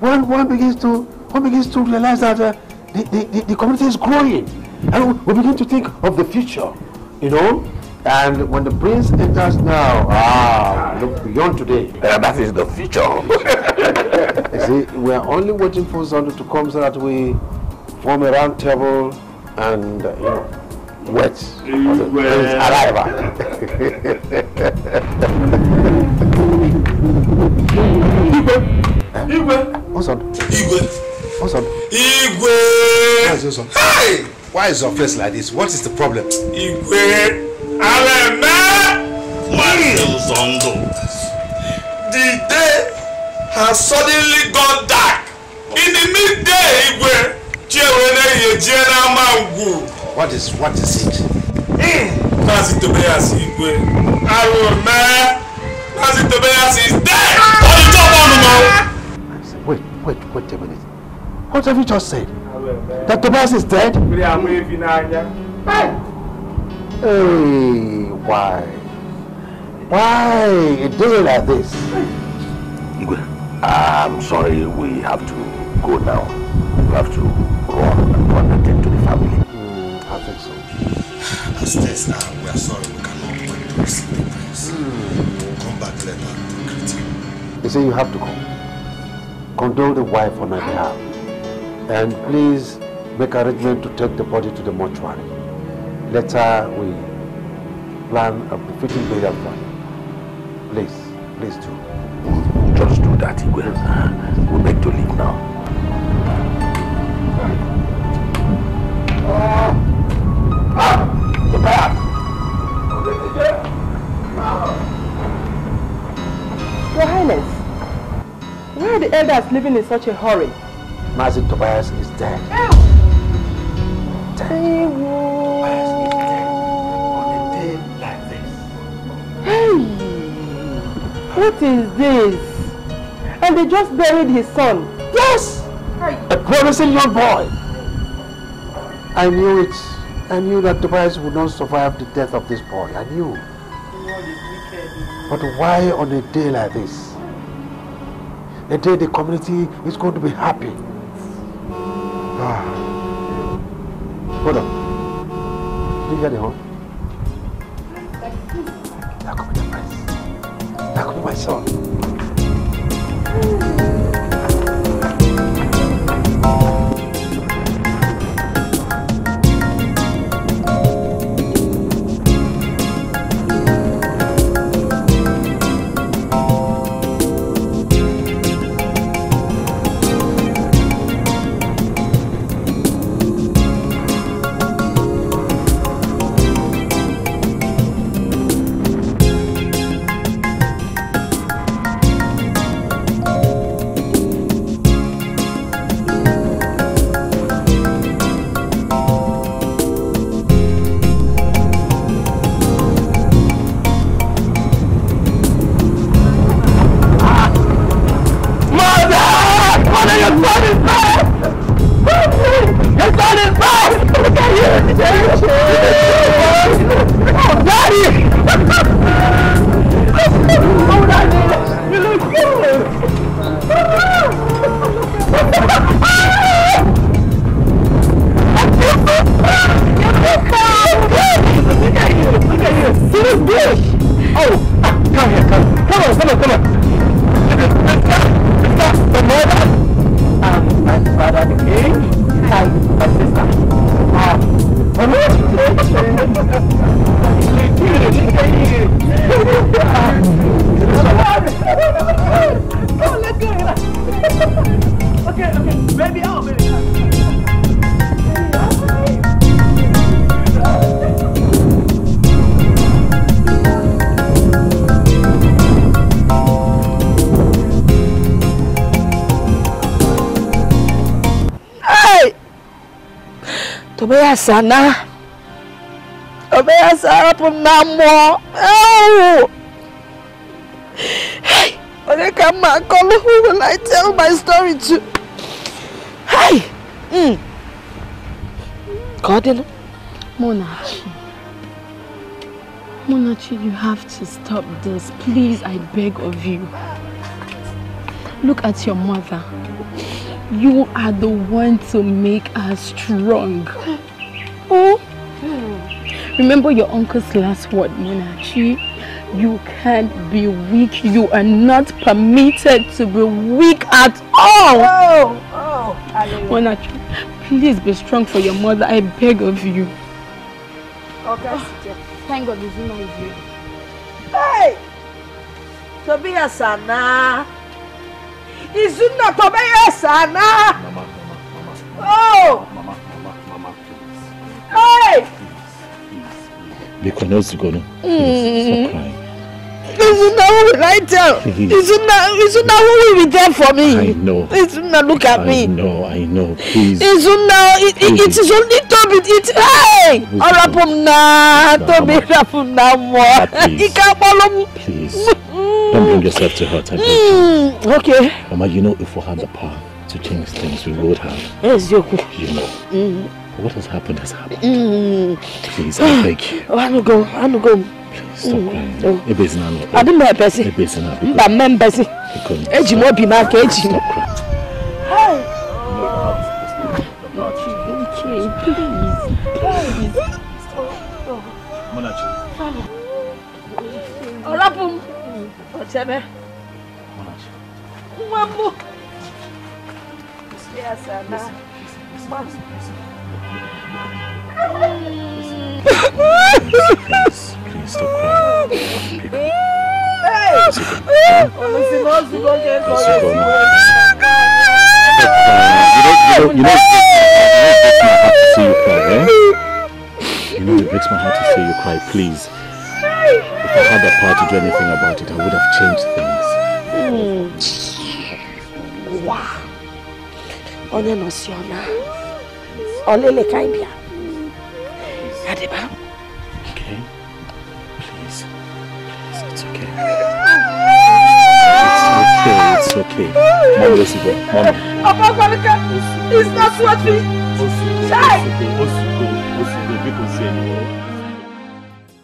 one, one begins to one begins to realize that uh, the, the, the community is growing. And we begin to think of the future, you know? And when the prince enters now, ah, look beyond today. that is the future. <laughs> you see, we are only waiting for something to come so that we form a round table and, uh, you know, wait for the arrival. <laughs> <laughs> Igwe. What's up? Igwe. What's up? Igwe. Why Hey! Why is your face like this? What is the problem? Igwe. Aleme. Marcel Zondo. The day has suddenly gone dark. In the midday, Igwe. What is what is it? Mm. That's it to as Igwe. Aleme. Pastor Tobias is dead! On the top of now! I said, wait, wait, wait a minute. What have you just said? That Tobias is dead? Hey! Hey, why? Why a day like this? I'm sorry, we have to go now. We have to run and run and tend to the family. Mm, I think so. As it is now, we are sorry we cannot wait to receive the prince. Mm. let He said, you have to come. Condole the wife on her behalf. And please make arrangement to take the body to the mortuary. Later, we plan a befitting burial for him. Please, please do. We'll just do that, Igwe. We'll, we will beg to leave now. Oh. Why are the elders living in such a hurry? Mazi Tobias is dead. Dead. Tobias is dead on a day like this. Hey! What is this? And they just buried his son. Yes! A promising young boy. I knew it. I knew that Tobias would not survive the death of this boy. I knew. But why on a day like this? a day the community is going to be happy. Ah. Hold on. Did you hear the horn? That could be my, that could be my son. sana ọbẹyasarapụ m na mmụọ ewu onye ka mma akọlụ who will I tell my story to Hey, ka mm. Gordon, Monachi Monachi you have to stop this please I beg of you look at your mother you are the one to make her strong. Remember your uncle's last word, Munachi. You can't be weak. You are not permitted to be weak at all. Oh, oh, Munachi, please be strong for your mother. I beg of you. Okay, thank God Izuma is here. Hey! Tobias Anna! Izuna Tobias Anna! Nurse Gono. Mm. Stop crying. Isn't that what I tell? Please. <laughs> Isn't that, isn't that what will be there for me? I know. Isn't that look at I me? I know, I know. Please. Isn't that, it, Please. it, it is only Toby. It hey! Arapum na, Toby, Arapum na ah, mo. Please. Please. Mm. Don't bring yourself to hurt. Mm. Okay. Mama, you know if we had the power to change things, we would have. Yes, you You know. Mm. What has happened has happened. Mm. Please, I beg you. Oh, I don't go. I don't go. Please, stop mm. crying. Oh. Ebe is I don't know a person. Ebe is not. Mba mbe mbesi. Eji mo bi ma Stop crying. Yes, sir. Please, please stop crying. it breaks my heart to see you cry, please. If I had the power to do anything about it, I would have changed things. Onye nọ Olele ka ị Adiba. Okay. Please. Please, it's okay. It's okay, it's okay. Mom, listen mommy. Papa, Mom. Abakalika, it's not what we...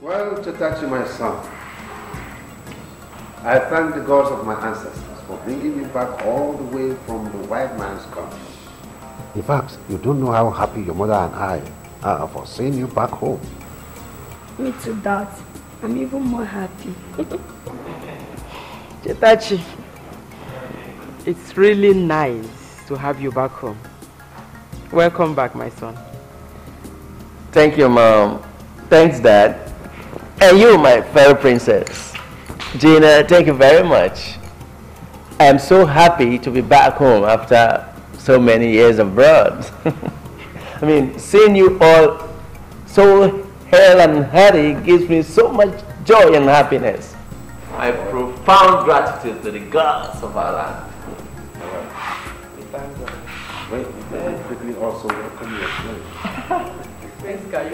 Well, Tatachi, my son, I thank the gods of my ancestors for bringing me back all the way from the white man's country. In fact, you don't know how happy your mother and I uh, for seeing you back home. Me too, Dad. I'm even more happy. <laughs> Jetachi, it's really nice to have you back home. Welcome back, my son. Thank you, Mom. Thanks, Dad. And you, my fair princess. Gina, thank you very much. I'm so happy to be back home after so many years abroad. <laughs> I mean, seeing you all so hale and hearty gives me so much joy and happiness. I have profound gratitude to the gods of our land. Wait, right. also welcome you Thanks, God.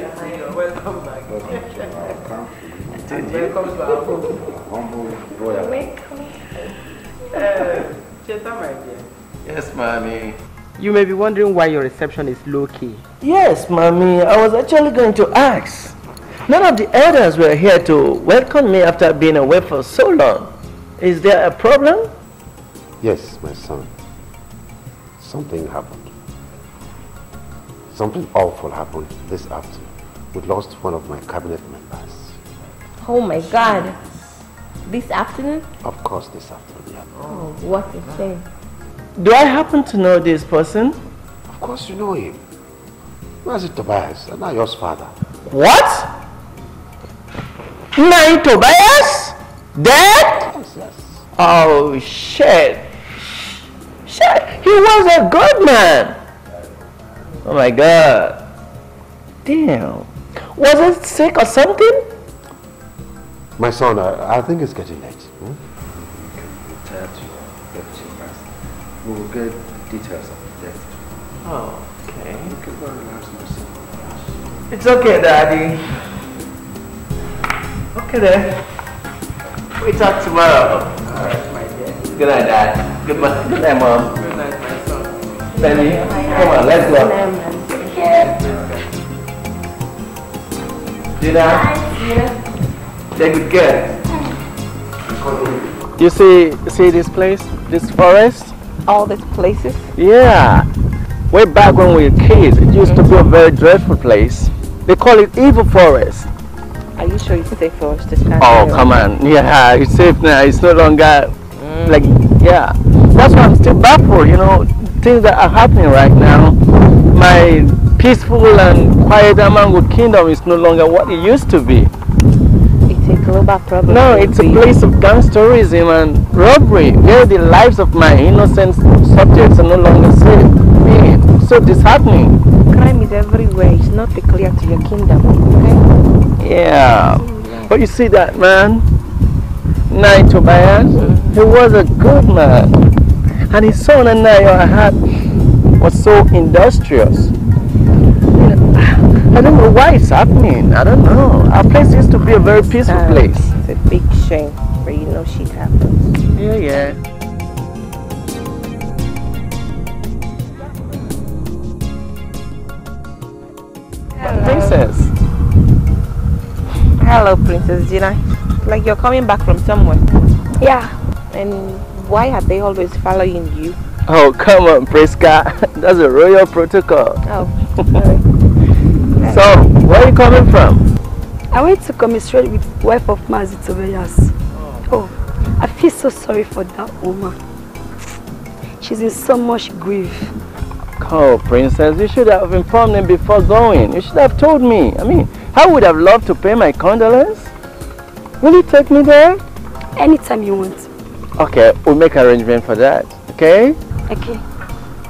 welcome back. Welcome to our country. Welcome to our Humble royal. Cheta, uh, my dear. Yes, mommy. You may be wondering why your reception is low-key. Yes, mommy, I was actually going to ask. None of the elders were here to welcome me after being away for so long. Is there a problem? Yes, my son. Something happened. Something awful happened this afternoon. We lost one of my cabinet members. Oh my God. This afternoon? Of course this afternoon, yeah. Oh, what a shame. Do I happen to know this person? Of course you know him. Where's it Tobias? And not yours father. What? My Tobias? Dead? Yes, yes. Oh shit. Shit, he was a good man. Oh my god. Damn. Was it sick or something? My son, I, I think it's getting late. we'll get details of the death. Oh, okay. Looking for announcements. It's okay, Daddy. Okay then. We talk tomorrow. Alright, my dear. Good night, Dad. Good, night, good night, Mom. Good night, my son. Benny, come on, let's go. Gina, take good care. You see, see this place, this forest? all these places? Yeah. Way back when we were kids, it used to be a very dreadful place. They call it Evil Forest. Are you sure it's safe for us to stand Oh, come on. Yeah, it's safe now. It's no longer mm. like, yeah. That's why I'm still baffled, you know, things that are happening right now. My peaceful and quiet Amango kingdom is no longer what it used to be about robbery? No, it's a place of gang tourism and robbery, where the lives of my innocent subjects are no longer safe. so disheartening. Crime is everywhere. It's not peculiar to your kingdom, okay? Yeah. But you see that man, Nai Tobias, he was a good man. And his son and I had, was so industrious. I don't know why it's happening. I don't know. Our place used to be a very peaceful uh, place. It's a big shame, but you know shit happens. Yeah, yeah. Hello. Princess. Hello, Princess Gina. Like you're coming back from somewhere. Yeah. And why are they always following you? Oh, come on, Priska. <laughs> That's a royal protocol. Oh, <laughs> sorry. So, where are you coming from? I went to commiserate with wife of Mazi Tobias. Oh, I feel so sorry for that woman. She's in so much grief. Oh, princess, you should have informed me before going. You should have told me. I mean, I would have loved to pay my condolence. Will you take me there? Anytime you want. Okay, we'll make arrangement for that. Okay? Okay.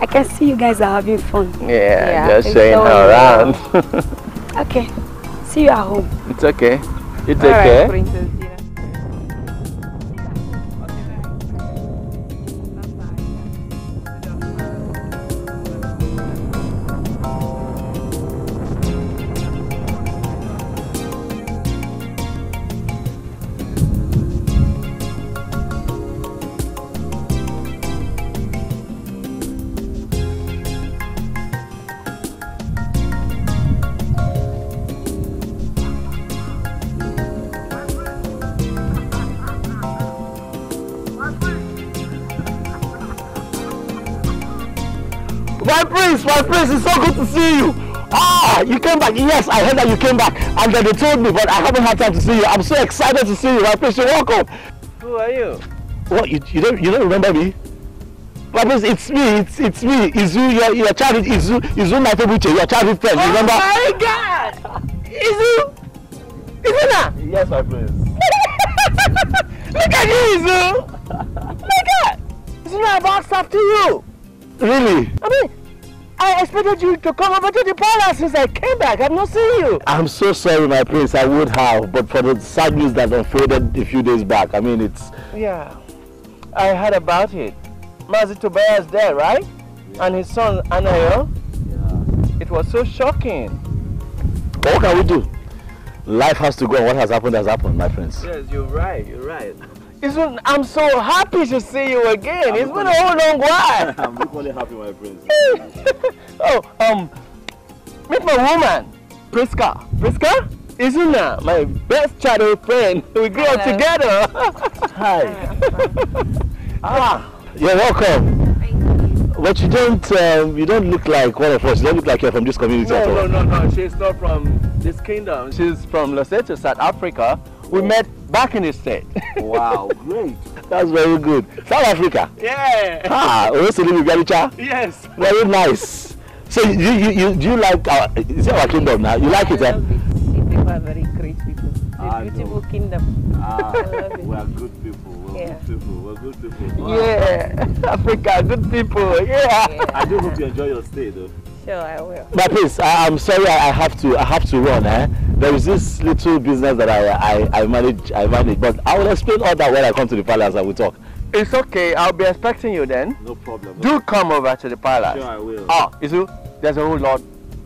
I can see you guys are having fun. Yeah, yeah just showing around. <laughs> okay, see you at home. It's okay. You take care. Princess. back. Yes, I heard that you came back. And then they told me, but I haven't had time to see you. I'm so excited to see you. My place, you're welcome. Who are you? What, you, you, don't, you don't remember me? My place, it's me, it's, it's me. Izu, your, your childhood, Izu, Izu Matebuche, your childhood friend, oh remember? Oh my God! Izu! na? Yes, my place. <laughs> Look at you, Izu! Look at! Izuna, I've asked after you! Really? I mean, I expected you to come over to the palace since I came back. I've not seen you. I'm so sorry, my prince. I would have, but for the sad news that unfolded a few days back. I mean, it's... Yeah, I heard about it. Mazi Tobias there, right? Yeah. And his son, Anayo. Yeah. It was so shocking. But what can we do? Life has to go on. What has happened has happened, my friends. Yes, you're right. You're right. Been, I'm so happy to see you again. I'm it's been a whole long while. <laughs> I'm equally happy, my prince. <laughs> oh, um, meet my woman, Priska. Priska? Isuna, my best childhood friend? <laughs> We grew up together. Hi. ah, you're welcome. But you don't, um, you don't look like one of us. You don't look like you're from this community no, at all. No, no, no, no. She's not from this kingdom. She's from Lesotho, South Africa. We oh. met back in the set. <laughs> Wow, great. That's very good. South Africa. Yeah. Ah, Orosele Mugaricha. Yes. Very nice. So you you, you do you like our is it our kingdom now? You like eh? I it? then? eh? People are very great people. The ah, beautiful know. kingdom. Ah, <laughs> we are good people. We're yeah. good people. We're good people. Wow. Yeah, <laughs> Africa, good people. Yeah. yeah. I do hope you enjoy your stay though. Sure, I will. But please, I, am sorry, I, I, have to. I have to run. Eh? There is this little business that I, I, I manage. I manage, but I will explain all that when I come to the palace and we talk. It's okay. I'll be expecting you then. No problem. Do no. come over to the palace. Sure, I will. Ah, Isu, there's a whole lot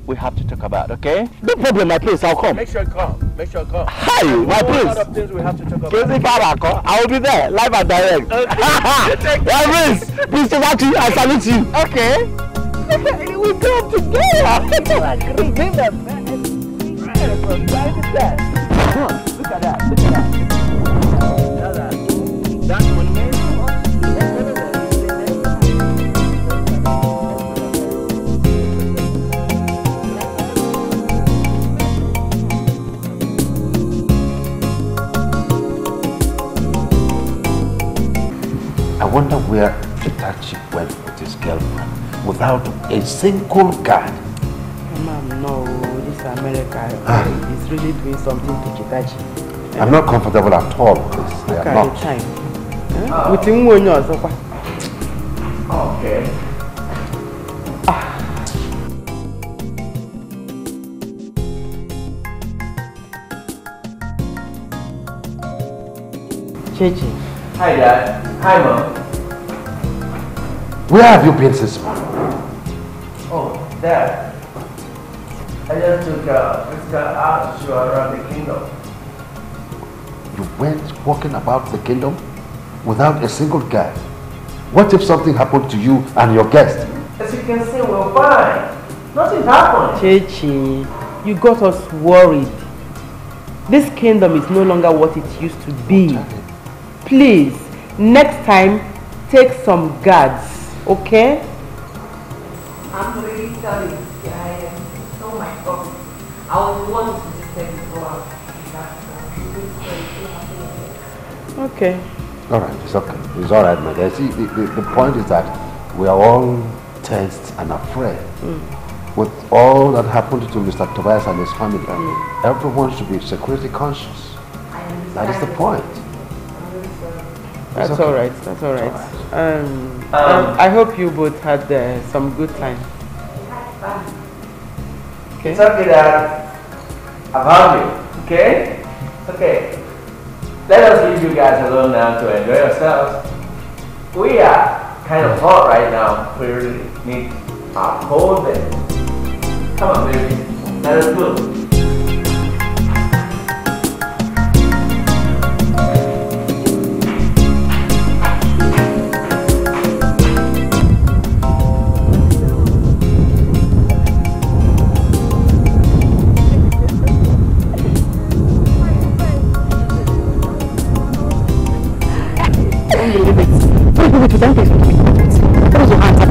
we have to talk about, okay? No problem, my prince, I'll come. Make sure you come. Make sure you come. Hi, There's my prince. There's a lot of things we have to talk about. Prince, if I will be there, live and direct. Okay. my prince, to Tomachi, I salute you. Okay we come together. Remember, man. at that. Look at that. Look at that. I wonder where without a single guard. Ma'am, no, this America ah. is really doing something to Jitachi. I'm not comfortable at all because they are not. Time. Huh? Oh. Okay. Ah. Chechi. Hi, Dad. Hi, Mom. Where have you been since morning? that, I just took a physical out to around the kingdom. You went walking about the kingdom without a single guard. What if something happened to you and your guest? As you can see, we're fine. Nothing happened. Chechi, you got us worried. This kingdom is no longer what it used to be. Please, next time, take some guards, okay? I'm I am so my God. I was Okay. All right, it's okay. It's all right, my dear. See, the, the, the point is that we are all tensed and afraid. Mm. With all that happened to Mr. Tobias and his family, mm. everyone should be security conscious. That is the point. That's okay. all right. That's all right. All right. Um, um, um, I hope you both had uh, some good time. Can It's okay that I've you. Okay? okay. Let us leave you guys alone now to enjoy yourselves. We are kind of hot right now. We really need our cold Come on, baby. Let us move. don't pay 50 minutes. That was your answer.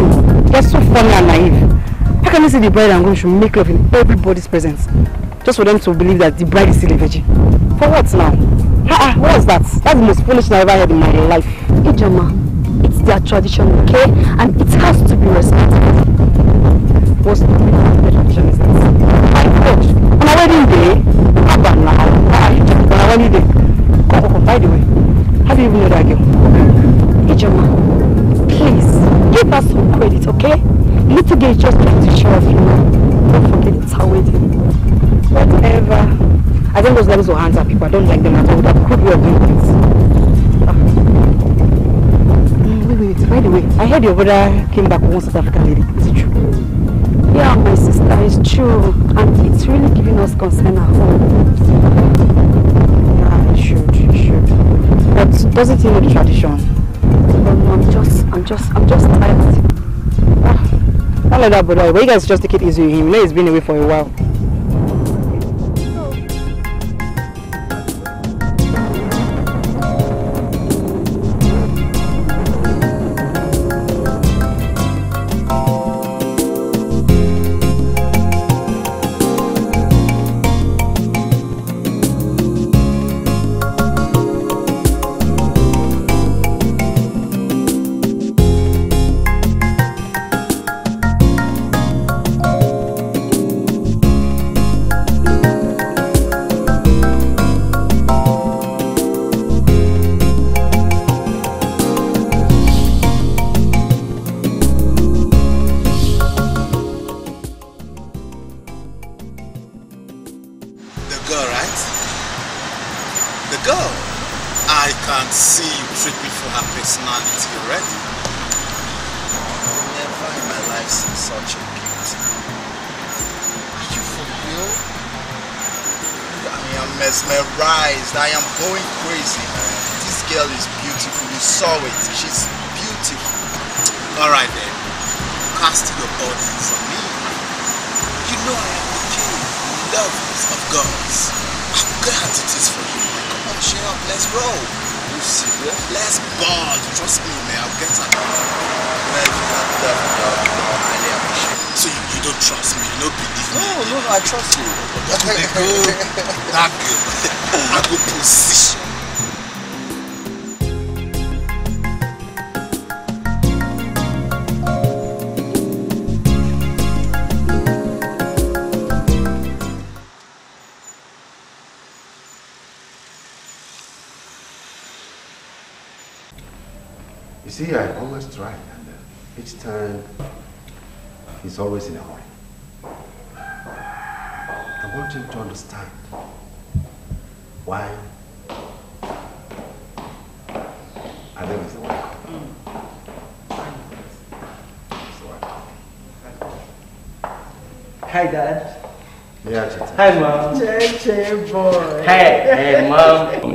You're so funny and naive. How can you say the bride and groom should make love in everybody's presence? Just for them to believe that the bride is still a virgin. For what now? Ha -ha, what is that? That's the most foolish thing I ever heard in my life. Ijoma, it's their tradition, okay? And it has to be respected. What's the tradition is this? My God, on a wedding day, Abba now, why on a wedding day? Oh, oh, by the way, How do you even know that girl? Ijoma, Please, give us some credit, okay? Little girl just like to show off, you know. Don't forget it's her wedding. Whatever. I think those levels will answer people. I don't like them at all. That could be a things. Ah. Mm, wait, wait, wait. By the way, I heard your brother came back with one South African lady. Is it true? Yeah, my sister, it's true. And it's really giving us concern at home. Yeah, it should, it should. But doesn't seem the tradition. I'm just, I'm just, I'm just tired. Ah, I like that brother. But you guys just take it easy with him. You know he's been away for a while.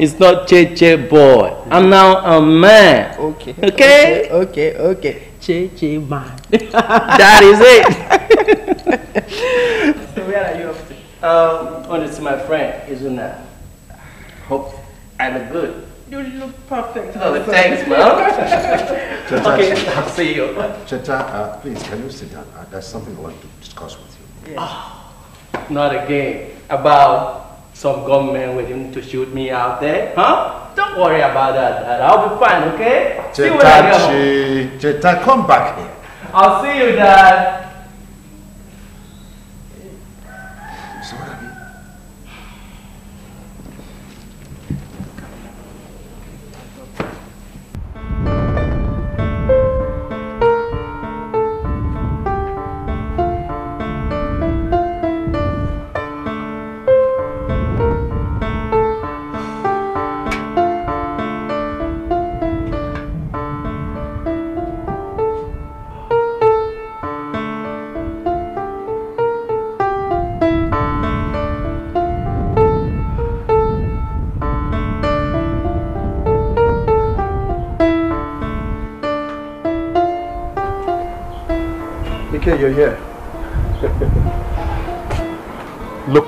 It's not Cheche boy. I'm now a man. Okay. Okay. Okay. Okay. okay. Cheche man. <laughs> that is it. so where are you up to? Um, honestly, my friend that? Hope I look good. You look perfect. Oh, thanks, mom. <laughs> Chacha, okay, I'll see you. Chacha, uh, please, can you sit down? Uh, there's something I want to discuss with you. Yes. Oh, ah, not again. About some gunman waiting to shoot me out there, huh? Don't worry about that, Dad. I'll be fine, okay? Jetta, come back here. I'll see you, Dad.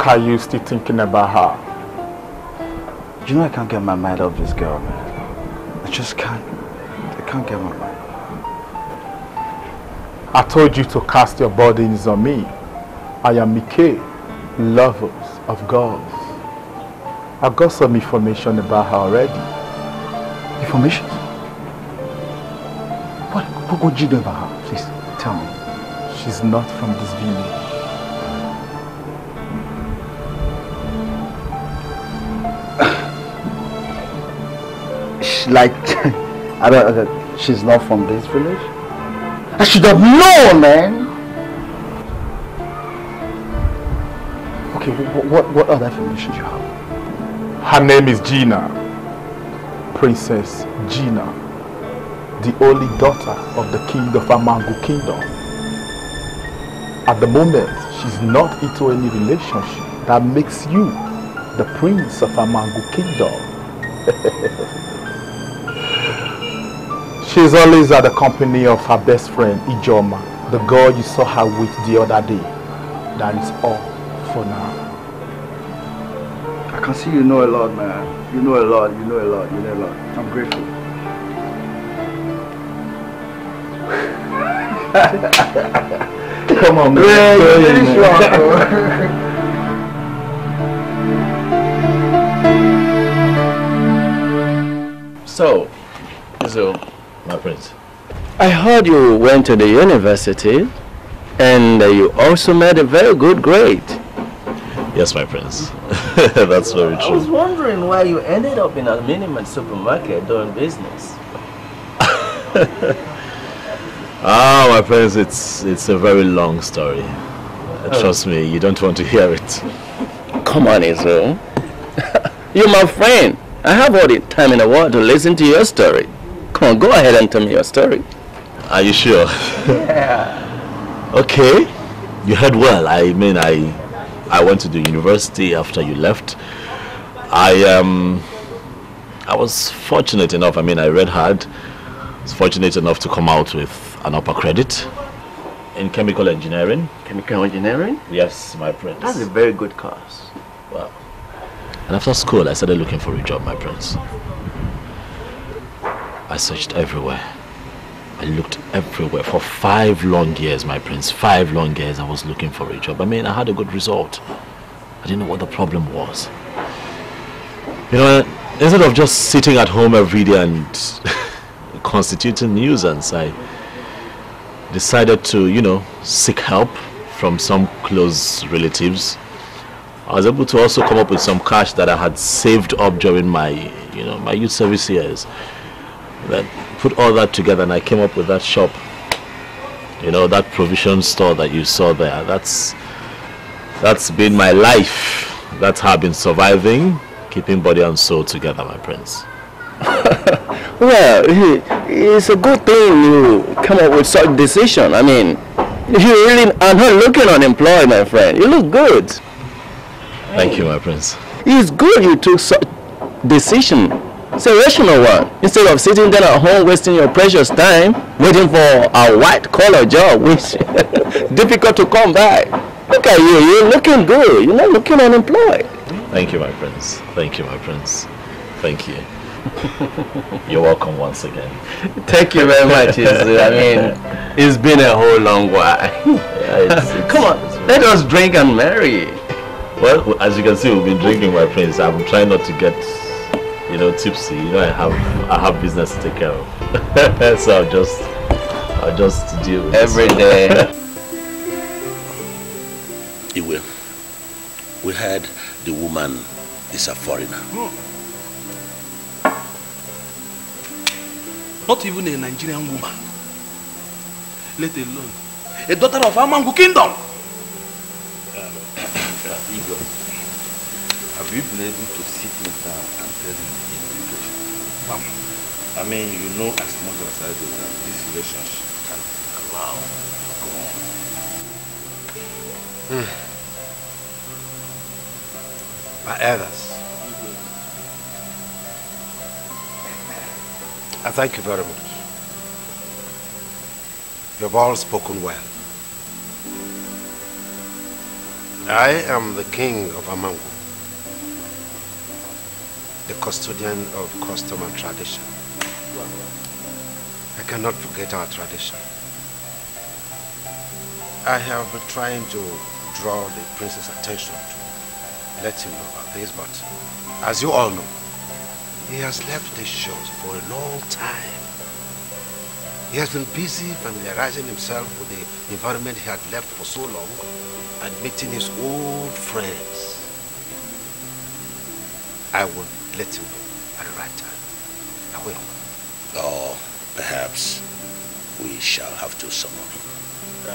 are you still thinking about her? You know I can't get my mind off this girl, man. I just can't. I can't get my mind. I told you to cast your burdens on me. I am Mike, lovers of God. I've got some information about her already. Information? What, what would you know about her? Please, tell me. She's not from this village. like <laughs> I don't, I she's not from this village. I should have known, man. Okay, what, what, what other information do you have? Her name is Gina. Princess Gina. The only daughter of the king of Amangu kingdom. At the moment, she's not into any relationship that makes you the prince of Amangu kingdom. <laughs> She's always at the company of her best friend, Ijoma, the girl you saw her with the other day. That is all for now. I can see you know a lot, man. You know a lot, you know a lot, you know a lot. I'm grateful. Come on, man. Yeah, pretty strong, <laughs> So, Azul, my prince? I heard you went to the university and you also made a very good grade. Yes, my prince. <laughs> That's very true. I was wondering why you ended up in a minimum supermarket doing business. <laughs> ah, my prince, it's, it's a very long story. Oh. Trust me, you don't want to hear it. Come on, Israel. <laughs> You're my friend. I have all the time in the world to listen to your story. Come on, go ahead and tell me your story. Are you sure? Yeah. <laughs> okay. You heard well. I mean, I, I went to the university after you left. I um, I was fortunate enough. I mean, I read hard. I was fortunate enough to come out with an upper credit in chemical engineering. Chemical engineering? Yes, my friends. That's a very good course. Wow. And after school, I started looking for a job, my friends. I searched everywhere. I looked everywhere for five long years, my prince. Five long years I was looking for a job. I mean, I had a good result. I didn't know what the problem was. You know, instead of just sitting at home every day and <laughs> constituting nuisance, I decided to, you know, seek help from some close relatives. I was able to also come up with some cash that I had saved up during my, you know, my youth service years. Then put all that together and I came up with that shop. You know, that provision store that you saw there. That's that's been my life. That's how I've been surviving, keeping body and soul together, my prince. <laughs> well, it's a good thing you come up with such decision. I mean, you really are not looking unemployed, my friend. You look good. Thank you, my prince. It's good you took such decision it's a rational one. Instead of sitting there at home wasting your precious time waiting for a white collar job, which <laughs> difficult to come by. Look at you, you're looking good. You're not looking unemployed. Thank you, my prince. Thank you, my prince. Thank you. <laughs> You're welcome once again. Thank you very much. I <laughs> mean, it's been a whole long while. Yeah, it's, it's, Come on, let us drink and marry. Well, as you can see, we've been drinking, my friends. I'm trying not to get you know, tipsy. You know, I have I have business to take care of, <laughs> so i just i just deal with every day. it <laughs> will. We heard the woman is a foreigner. Not even a Nigerian woman. Let alone a daughter of Amangu Kingdom. <coughs> have you been able to sit me down and tell me I mean, you know as much as I do that this relationship can allow go on. By hmm. others. I thank you very much. You have all spoken well. I am the king of Amangu the custodian of custom and tradition. I cannot forget our tradition. I have been trying to draw the prince's attention to let him know about this, but as you all know, he has left the shows for a long time. He has been busy familiarizing himself with the environment he had left for so long and meeting his old friends. I would let him know at the right time. I will. Or perhaps we shall have to summon him. Uh,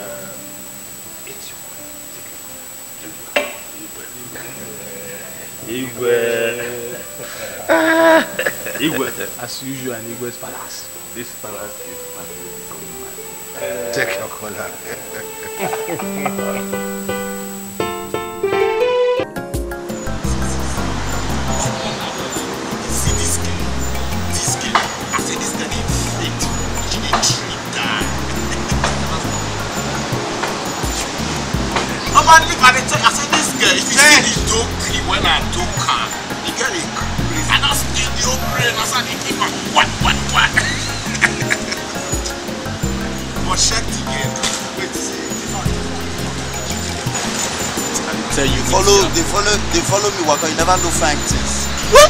it's Igwe. Ah. <laughs> Igwe. As usual in Igwe's palace. This palace is fast becoming mine. Take your collar. <laughs> I want to and I said, this girl, if you see the doki when I do car, the girl is And I still the old brain, I said, he came keeper, what, what, what? <laughs> But check the girl. Tell you follow, they follow, they follow me, Waka. You never know frank things. What?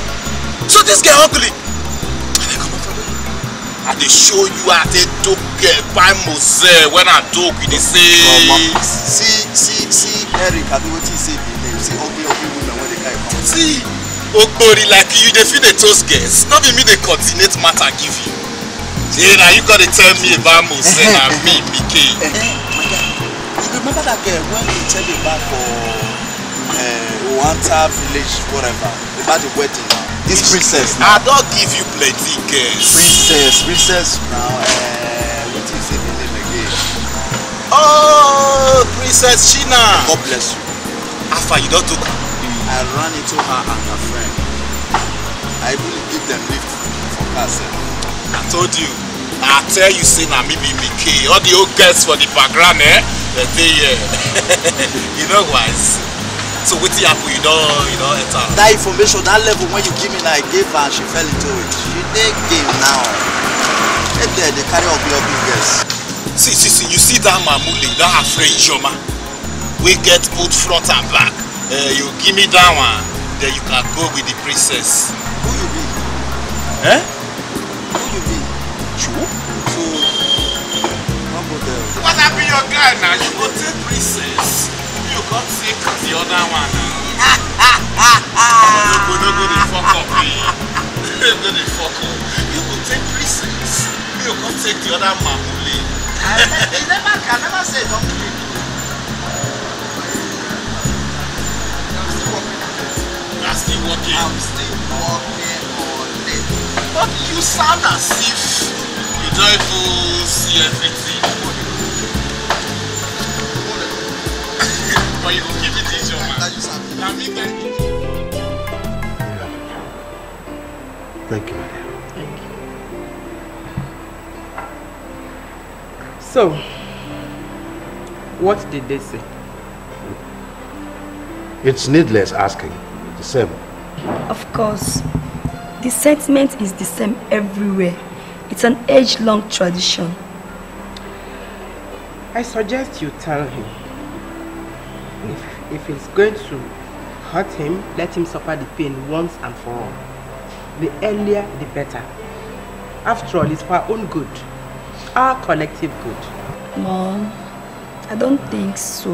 So this girl ugly? I come and follow you. I they show you how they do girl buy moselle when i talk you dey say. see see see eric I abi wetin he say be name say ugly ugly women wey dey come. see ogbori like you dey fit the toast girls no be me dey coordinate matter give you. say now you go tell me about moselle and me pikin. <laughs> Eh, eh, my guy you remember that girl wey we tell you about for. uh, Oanta village, whatever, about the wedding now. This princess now. I don't give you plenty girls. Princess, princess now. Uh, Oh, Princess Shina. God bless you. After you don't took her. I ran into her and her friend. I really give them lift for castle. I told you. I tell you, say na me me key. All the old girls for the background, eh? They there. Uh, <laughs> you know wise. So with the apple, you don't, you don't enter. That information, that level when you give me, I gave her, and she fell into it. She did game now. Hey there, they carry up your big See, see, see, you see that Mamule, that Afrey Joma. We get both front and back. Uh, you give me that one, then you can go with the princess. Who you be? Eh? Who you be? You? So, how about them? What happened your guy now? You go take princess. You go take the other one now. <laughs> no go, no go, they fuck up me. Eh? <laughs> No go, they fuck up. You go take princess. You go take the other Mamule he never can never say don't kill I'm still working on it. still working. I'm still working on it. But you sound as if you don't even see everything. but you go give me this your man. Na me thank you. Thank you, my dear. So, what did they say? It's needless asking. The same. Of course. The sentiment is the same everywhere. It's an age-long tradition. I suggest you tell him. If, if it's going to hurt him, let him suffer the pain once and for all. The earlier, the better. After all, it's for our own good our collective good. Mom, I don't think so.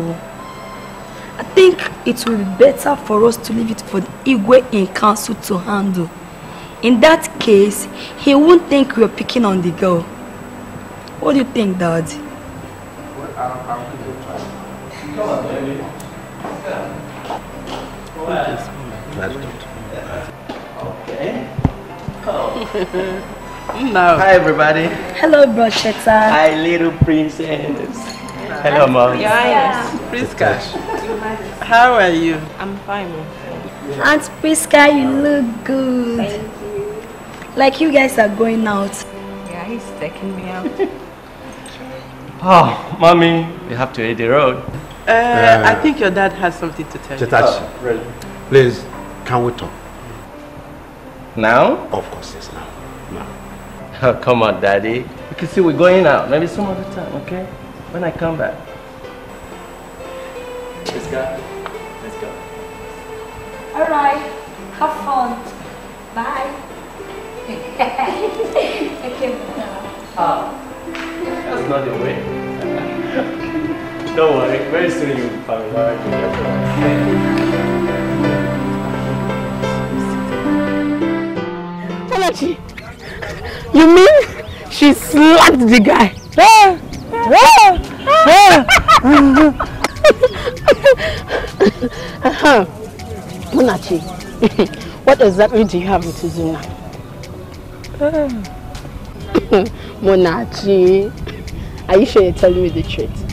I think it will be better for us to leave it for the Igwe in council to handle. In that case, he won't think we're picking on the girl. What do you think, Dad? Come on, Okay. no. <laughs> Hi, everybody. Hello, Brochetta. Hi, little princess. Hello, mom. Your Highness. Priska. How are you? I'm fine. Aunt Priska, you look good. Thank you. Like you guys are going out. Yeah, he's taking me out. <laughs> oh, mommy, we have to hit the road. Uh, uh, I think your dad has something to tell Chetachi, you. Oh, really? Please, can we talk? Now? Of course, yes, now. Oh, <laughs> come on, Daddy. You can see we're going out. Maybe some other time, okay? When I come back. Let's go. Let's go. All right. Have fun. Bye. <laughs> okay. Ah, that's not your way. <laughs> Don't worry. Very soon you'll be familiar with your Kalachi. You mean she slapped the guy? Uh-huh. Munachi, what exactly do you have with Izuna? Munachi, are you sure you're telling me the truth?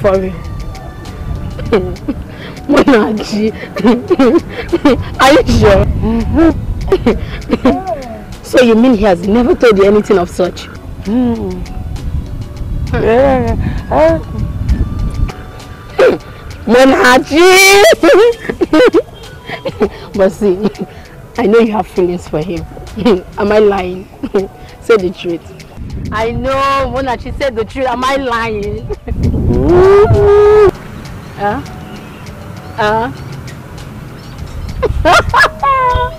For real. <laughs> Munachi, <laughs> are you sure? Mm-hmm. <laughs> So you mean he has never told you anything of such? Hmm. <laughs> <laughs> but see, I know you have feelings for him. <laughs> Am I lying? Say the truth. I know, Monachi said the truth. Am I lying? Ah. Ah.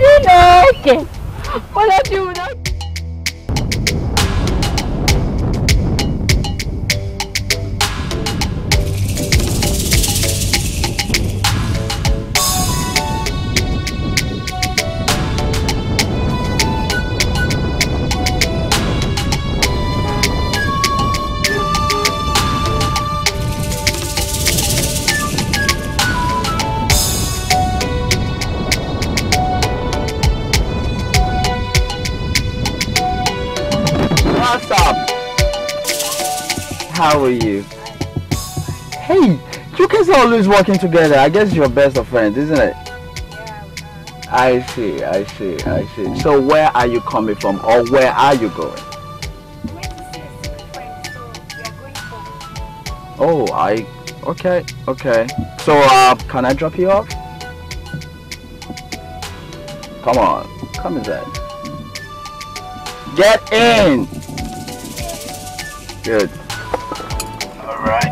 you know, okay. 我来救你。how are you? Hey, you guys are always working together. I guess you're best of friends, isn't it? I see, I see, I see. So where are you coming from or where are you going? Oh, I... Okay, okay. So, uh, can I drop you off? Come on, come inside. Get in! Good. All right.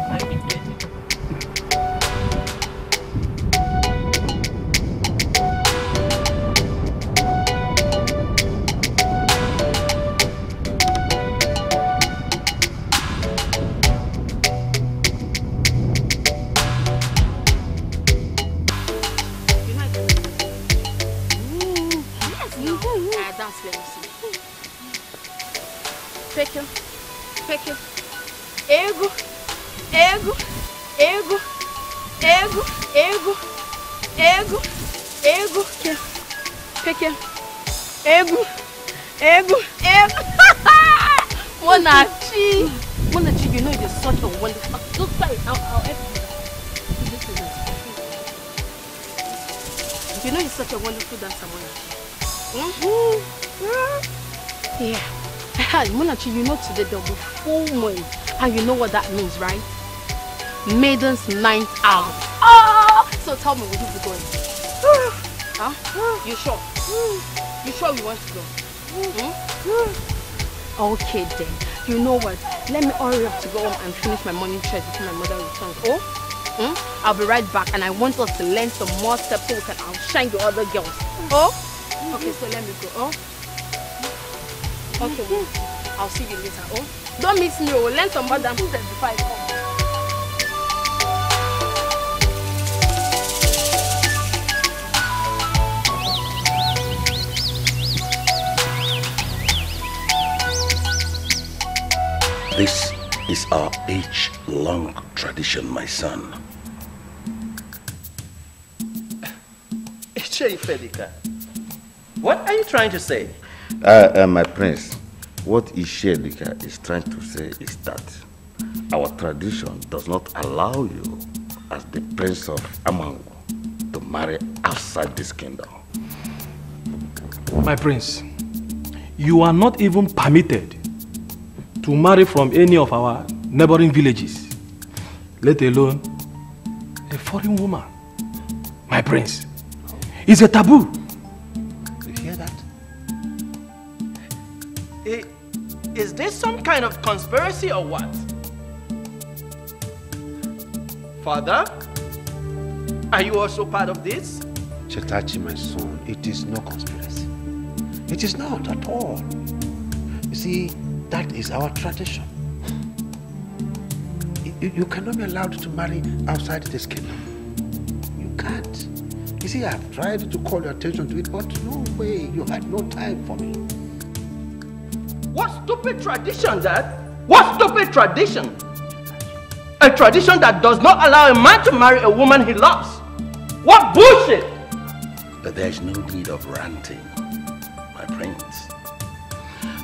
know what that means, right? Maiden's ninth out. Oh! Ah! So tell me, where you be going? <sighs> huh? You sure? You sure you want to go? Hmm? Okay then. You know what? Let me hurry up to go home and finish my morning chores before my mother returns. Oh? Hmm? I'll be right back and I want us to learn some more steps so we can outshine the other girls. Oh? Okay, so let me go. Oh? Okay, well, I'll see you later. Oh? Don't meet me, oh. Learn some more than 75. This is our age-long tradition, my son. What are you trying to say? Uh, uh, my prince, What Ishelika is trying to say is that our tradition does not allow you, as the Prince of Amangu, to marry outside this kingdom. My prince, you are not even permitted to marry from any of our neighboring villages, let alone a foreign woman. My prince, it's a taboo. this some kind of conspiracy or what? Father, are you also part of this? Chetachi, my son, it is no conspiracy. It is not at all. You see, that is our tradition. You, you cannot be allowed to marry outside this kingdom. You can't. You see, I've tried to call your attention to it, but no way. You had no time for me. What stupid tradition, Dad? What stupid tradition? A tradition that does not allow a man to marry a woman he loves. What bullshit! But there's no need of ranting, my prince.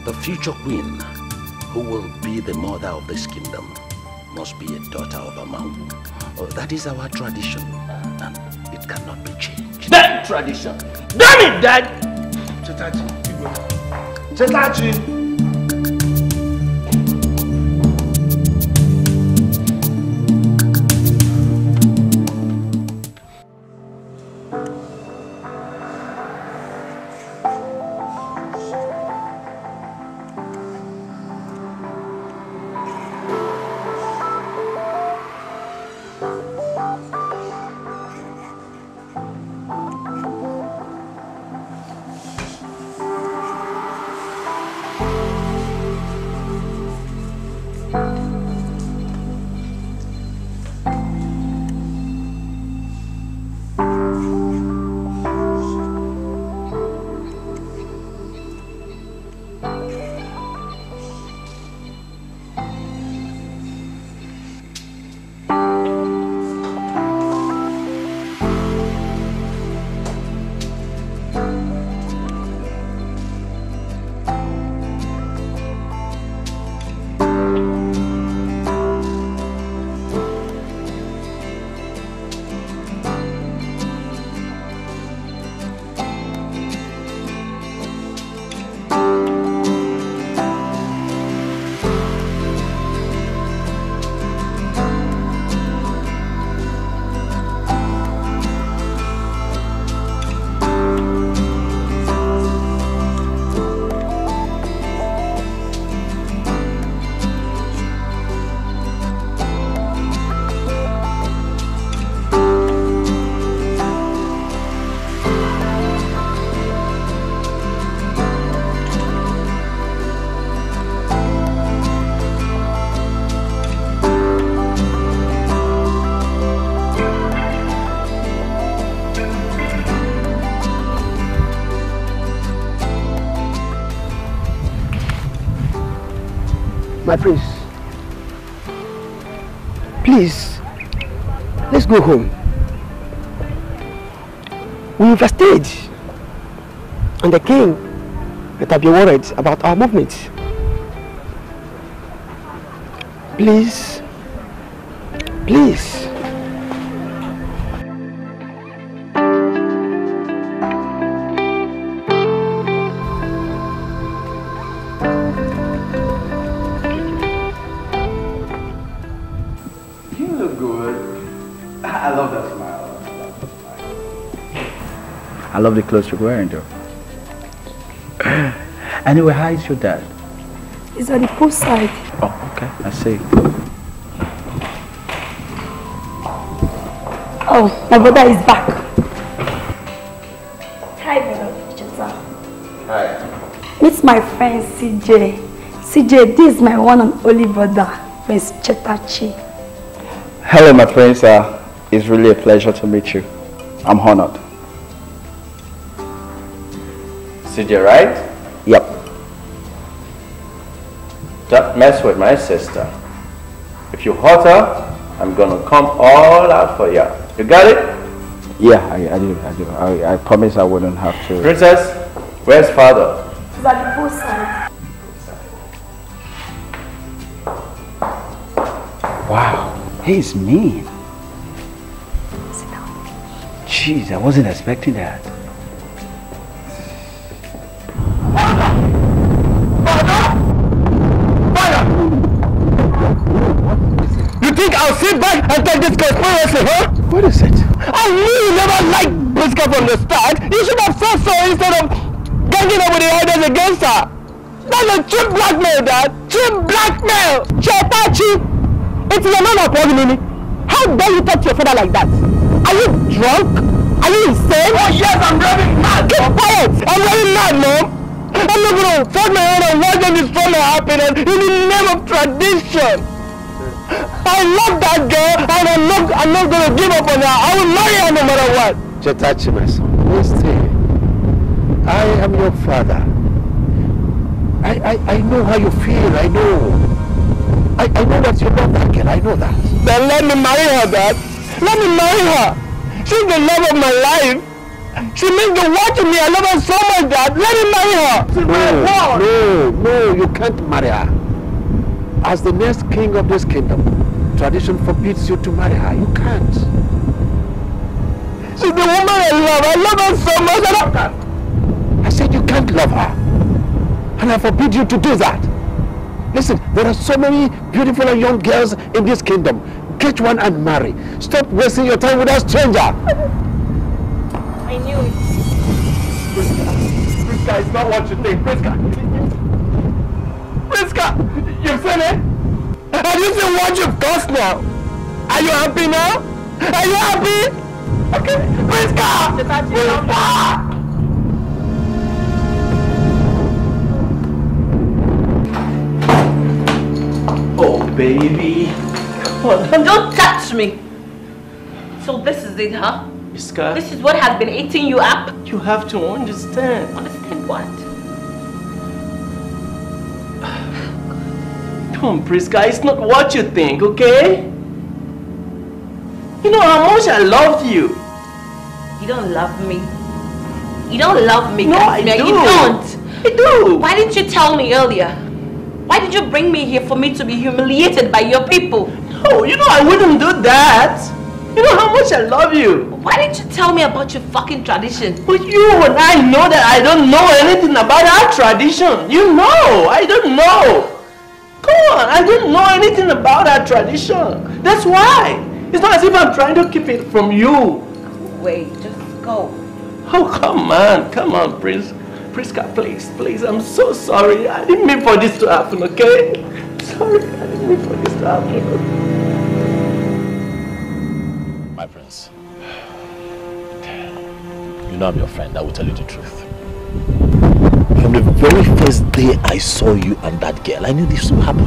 The future queen, who will be the mother of this kingdom, must be a daughter of Amangu. Oh, that is our tradition, and it cannot be changed. That tradition! Damn it, Dad! Chetachi, Chetachi! go home. We overstayed. And the king better be worried about our movements. Please, please, Lovely clothes you're wearing, though. Anyway, how is your dad? He's on the side. Oh, okay. I see. Oh, my brother is back. Hi, brother. Hi. It's my friend CJ. CJ, this is my one and only brother, Miss Chetachi. Hello, my prince. Uh, it's really a pleasure to meet you. I'm honored. procedure, right? Yep. Don't mess with my sister. If you hurt her, I'm gonna come all out for you. You got it? Yeah, I, I do, I do. I, I promise I wouldn't have to. Princess, where's father? He's at the poolside. Wow, he's mean. Jeez, I wasn't expecting that. Biscuit seriously, huh? What is it? I knew you never liked Biscuit from the start. You should have said so instead of ganging up with the others against her. That's a cheap blackmail, Dad. Cheap blackmail. Chetachi, it is a man of all How dare you talk to your father like that? Are you drunk? Are you insane? Oh yes, I'm driving mad. Keep quiet. I'm driving mad, mom. I'm not to fuck my own and watch them destroy my happiness in the name of tradition. I love that girl and I'm not, I'm not going to give up on her. I will marry her no matter what. Chetachi, my son, listen. I am your father. I, I, I know how you feel. I know. I, I know that you are that girl. I know that. Then let me marry her, Dad. Let me marry her. She's the love of my life. She means the world to me. I love her so much, Dad. Let me marry her. She's no, no, no, you can't marry her. As the next king of this kingdom, Tradition forbids you to marry her. You can't. She's the woman I love. I love her so much. I, can not I said you can't love her. And I forbid you to do that. Listen, there are so many beautiful and young girls in this kingdom. Get one and marry. Stop wasting your time with a stranger. I knew it. Priska, Priska is not what you think. Priska. Priska, you've seen it? Have you seen what you've cost now? Are you happy now? Are you happy? Okay, Priska! Priska! Oh, baby. Come on. <laughs> Don't touch me. So this is it, huh? Priska. This is what has been eating you up. You have to understand. Understand what? Tom Priska, it's not what you think, okay? You know how much I love you. You don't love me. You don't love me, no, I do. You don't. I do. Why didn't you tell me earlier? Why did you bring me here for me to be humiliated by your people? No, you know I wouldn't do that. You know how much I love you. Why didn't you tell me about your fucking tradition? But you and I know that I don't know anything about our tradition. You know, I don't know. Come on, I didn't know anything about that tradition. That's why. It's not as if I'm trying to keep it from you. Wait, just go. Oh, come on, come on, Prince, Priska, please, please, I'm so sorry. I didn't mean for this to happen, okay? Sorry, I didn't mean for this to happen. My prince, you know I'm your friend. I will tell you the truth. From the very first day I saw you and that girl, I knew this would happen.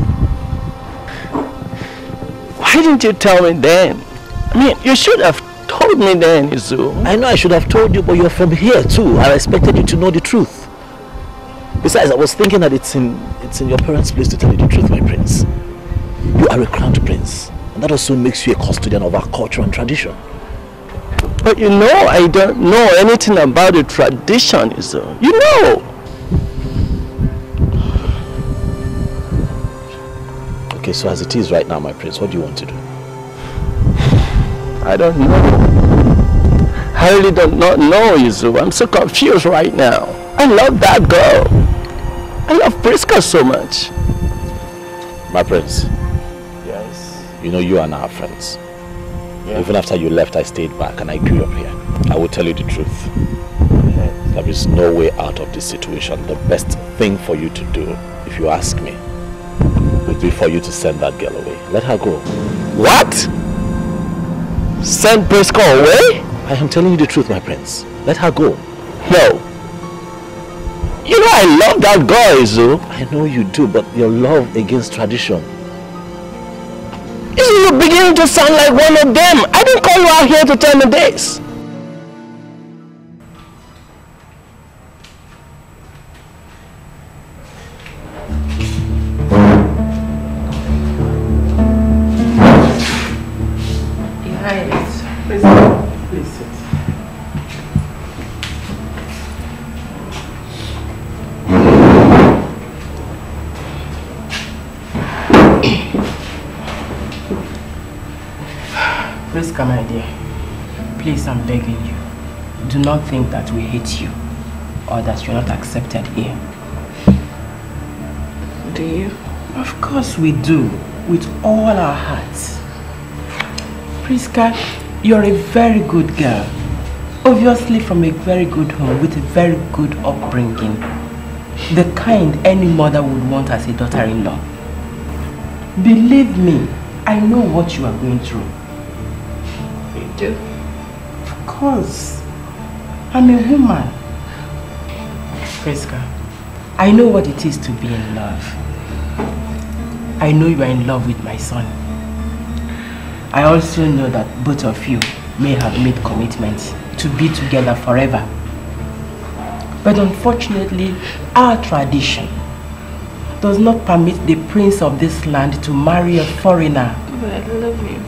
Why didn't you tell me then? I mean, you should have told me then, Izu. I know I should have told you, but you're from here too. I expected you to know the truth. Besides, I was thinking that it's in, it's in your parents' place to tell you the truth, my prince. You are a crowned prince, and that also makes you a custodian of our culture and tradition. But you know I don't know anything about the tradition, Izu. You know! Okay, so as it is right now, my prince, what do you want to do? I don't know. I really don't not know, Izu. I'm so confused right now. I love that girl. I love Priska so much. My prince. Yes. You know you and I are friends. Yeah. Even after you left, I stayed back and I grew up here. I will tell you the truth. There is no way out of this situation. The best thing for you to do, if you ask me, would be for you to send that girl away. Let her go. What? Send Briscoe away? I am telling you the truth, my prince. Let her go. No. You know I love that girl, Izu. I know you do, but your love against tradition. Izu, you're beginning to sound like one of them. I didn't call you out here to tell me this. you. Do not think that we hate you or that you're not accepted here. Do you? Of course we do, with all our hearts. Priska, you're a very good girl. Obviously from a very good home, with a very good upbringing. The kind any mother would want as a daughter-in-law. Believe me, I know what you are going through. You do? course. I'm a woman. Friska, I know what it is to be in love. I know you are in love with my son. I also know that both of you may have made commitments to be together forever. But unfortunately, our tradition does not permit the prince of this land to marry a foreigner. But I love you.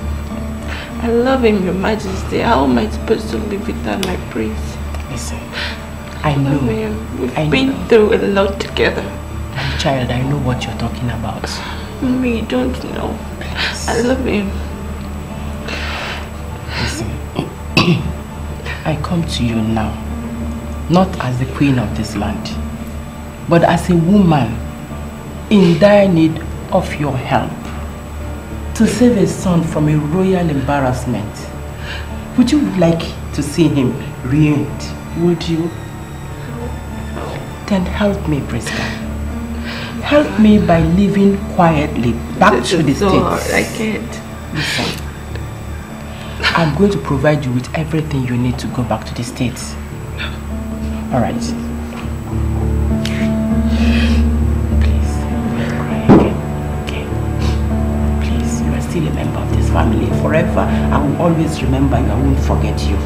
I love him, Your Majesty. How am I supposed to live without my prince? Listen, I know. Him. We've I been know. through a lot together. My child, I know what you're talking about. Me, don't know. Please. I love him. Listen, <clears throat> I come to you now, not as the queen of this land, but as a woman in dire need of your help to save his son from a royal embarrassment. Would you like to see him ruined? Would you? Then help me, Priska. Help me by living quietly back this to the so States. I can't. Listen. I'm going to provide you with everything you need to go back to the States. All right. a member of this family forever. I will always remember you. I won't forget you.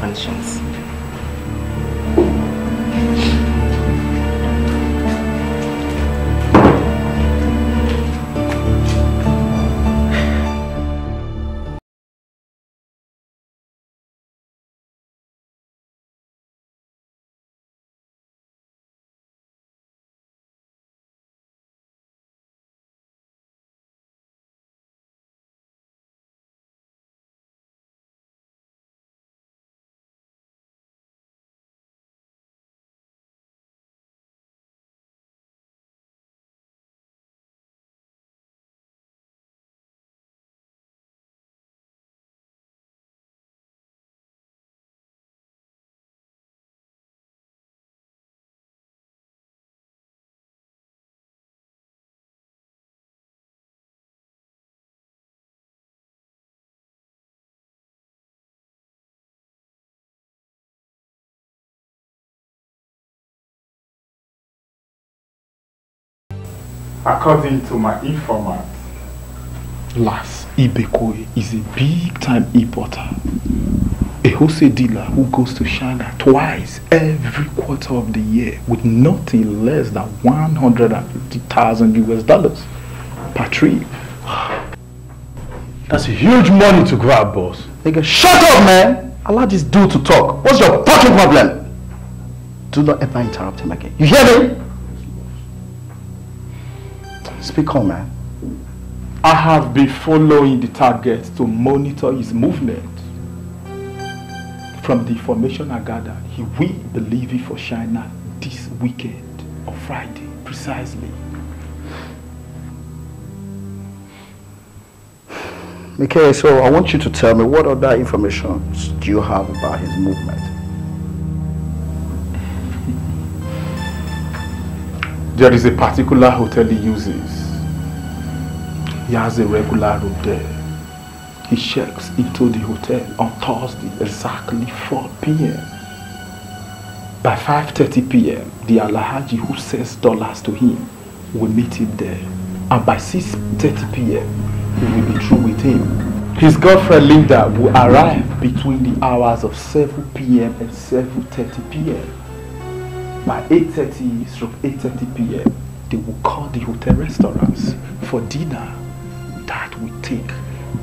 c o n s c i e n c e According to my informant, Las Ibekoe is a big-time importer. A wholesale dealer who goes to China twice every quarter of the year with nothing less than 150,000 US dollars per trip. That's huge money to grab, boss. Nigga, shut up, man! Allow this dude to talk. What's your fucking problem? Do not ever interrupt him again. You hear me? speaker, man. I have been following the target to monitor his movement. From the information I gathered, he will be leaving for China this weekend, on Friday, precisely. Okay, so I want you to tell me what other information do you have about his movement? There is a particular hotel he uses he has a regular room there. He checks into the hotel on Thursday exactly 4 p.m. By 5.30 p.m., the Alahaji who sends dollars to him will meet him there. And by 6.30 p.m., he will be through with him. His girlfriend Linda will arrive between the hours of 7 p.m. and 7.30 p.m. By 8.30 8.30 p.m., they will call the hotel restaurants for dinner. That will take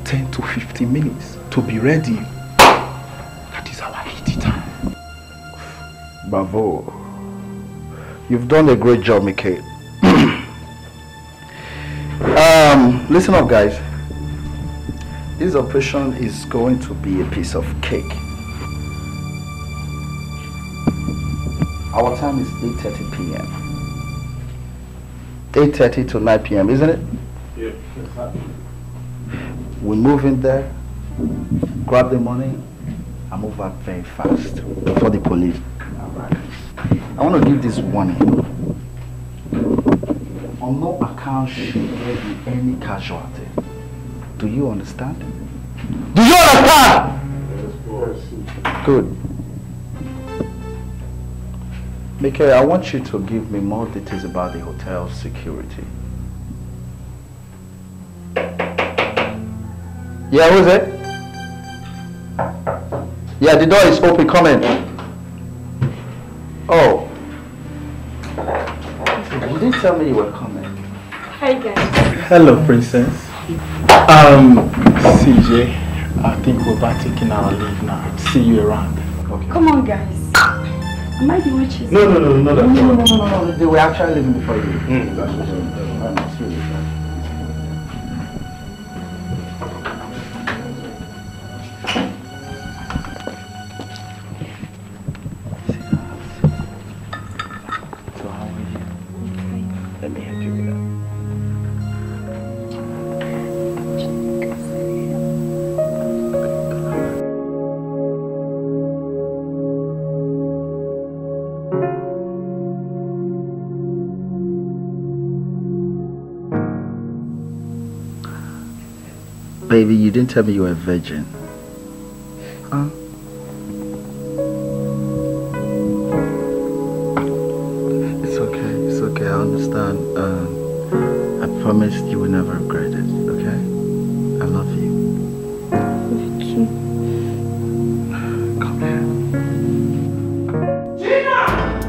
10 to 15 minutes to be ready. That is our heat time. Bravo. You've done a great job, Mikhail. <clears throat> um, listen up, guys. This operation is going to be a piece of cake. Our time is 8.30 p.m. 8.30 to 9 p.m., isn't it? We move in there, grab the money, and move out very fast before the police I want to give this warning. On no account should there be any casualty. Do you understand? Do you understand? Good. Mikael, I want you to give me more details about the hotel's security. Yeah, who's it? Yeah, the door is open. Come in. Oh. You didn't tell me you were coming. Hi guys. Hello, princess. Um, CJ, I think we're about taking our leave now. See you around. Okay. Come on, guys. Am I the witches? No, no, no, no, no, no, no, no, no, no, no. They were actually leaving before you. didn't tell me you were a virgin. Huh? It's okay, it's okay, I understand. Uh, I promised you would never regret it, okay? I love you. Gina!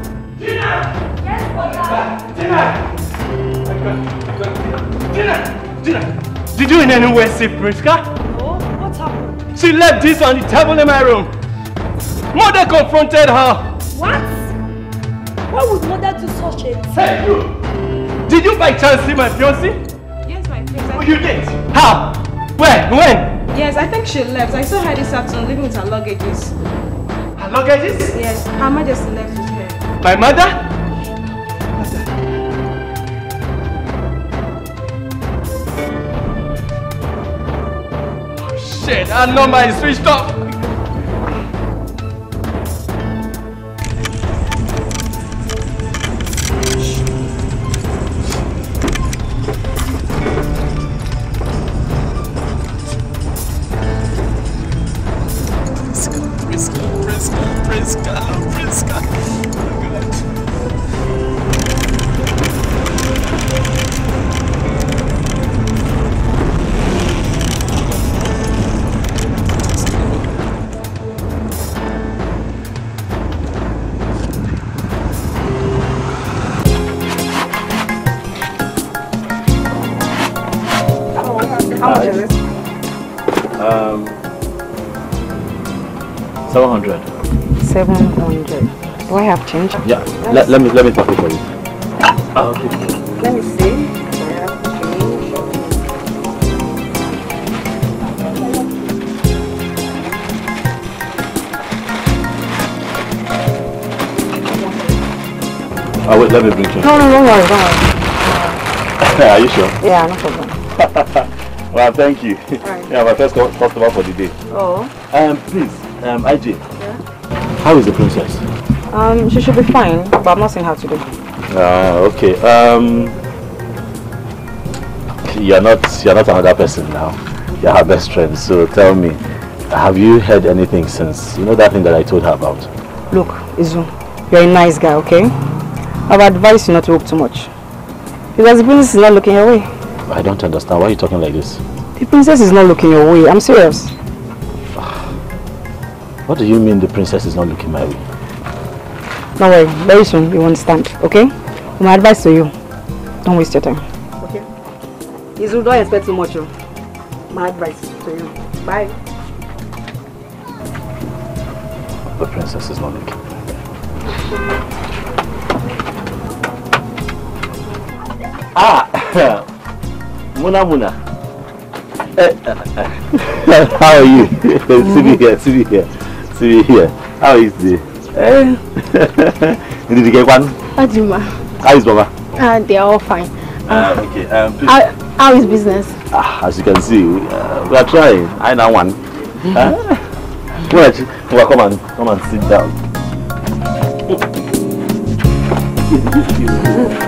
Gina! Gina! Did you in any way see Priska? left this on the table in my room. Mother confronted her. What? Why would mother do such a thing? Hey, you! Did you by chance see my fiancé? Yes, my fiancé. Oh, you did? How? Where? When? Yes, I think she left. I saw her this afternoon leaving with her luggages. Her luggages? Yes, her just left with her. My mother? Shit, our number is switched off. have change. Yeah, let, let me let me pack it for you. Ah, okay. Let me see. Oh wait, let me bring change. No, no, no worry, don't worry. <laughs> Are you sure? Yeah, no problem. <laughs> well, thank you. Right. Yeah, my first customer for the day. Oh. Um, please, um, IJ. Yeah. How is the princess? Um, she should be fine, but I'm not seeing her today. Ah, okay. Um, you're not you're not another person now. You're her best friend. So tell me, have you heard anything since you know that thing that I told her about? Look, Izu, you're a nice guy, okay? I've advised you not to work too much. Because the princess is not looking your way. I don't understand. Why are you talking like this? The princess is not looking your way. I'm serious. Ah. What do you mean the princess is not looking my way? Don't worry, very soon you will understand, okay? My advice to you, don't waste your time. Okay. Izu, don't expect too much. Yo. Oh. My advice to you. Bye. The princess is not looking Ah! <laughs> Muna Muna. <laughs> How are you? be <laughs> here, be here, be here. How is it? Eh? Did you get one? Ajima. How is Baba? Uh, they are all fine. Uh, uh, okay. Um, please. How, how is business? Ah, as you can see, we, uh, we are trying. I know one. Huh? well, well, come and come and sit down.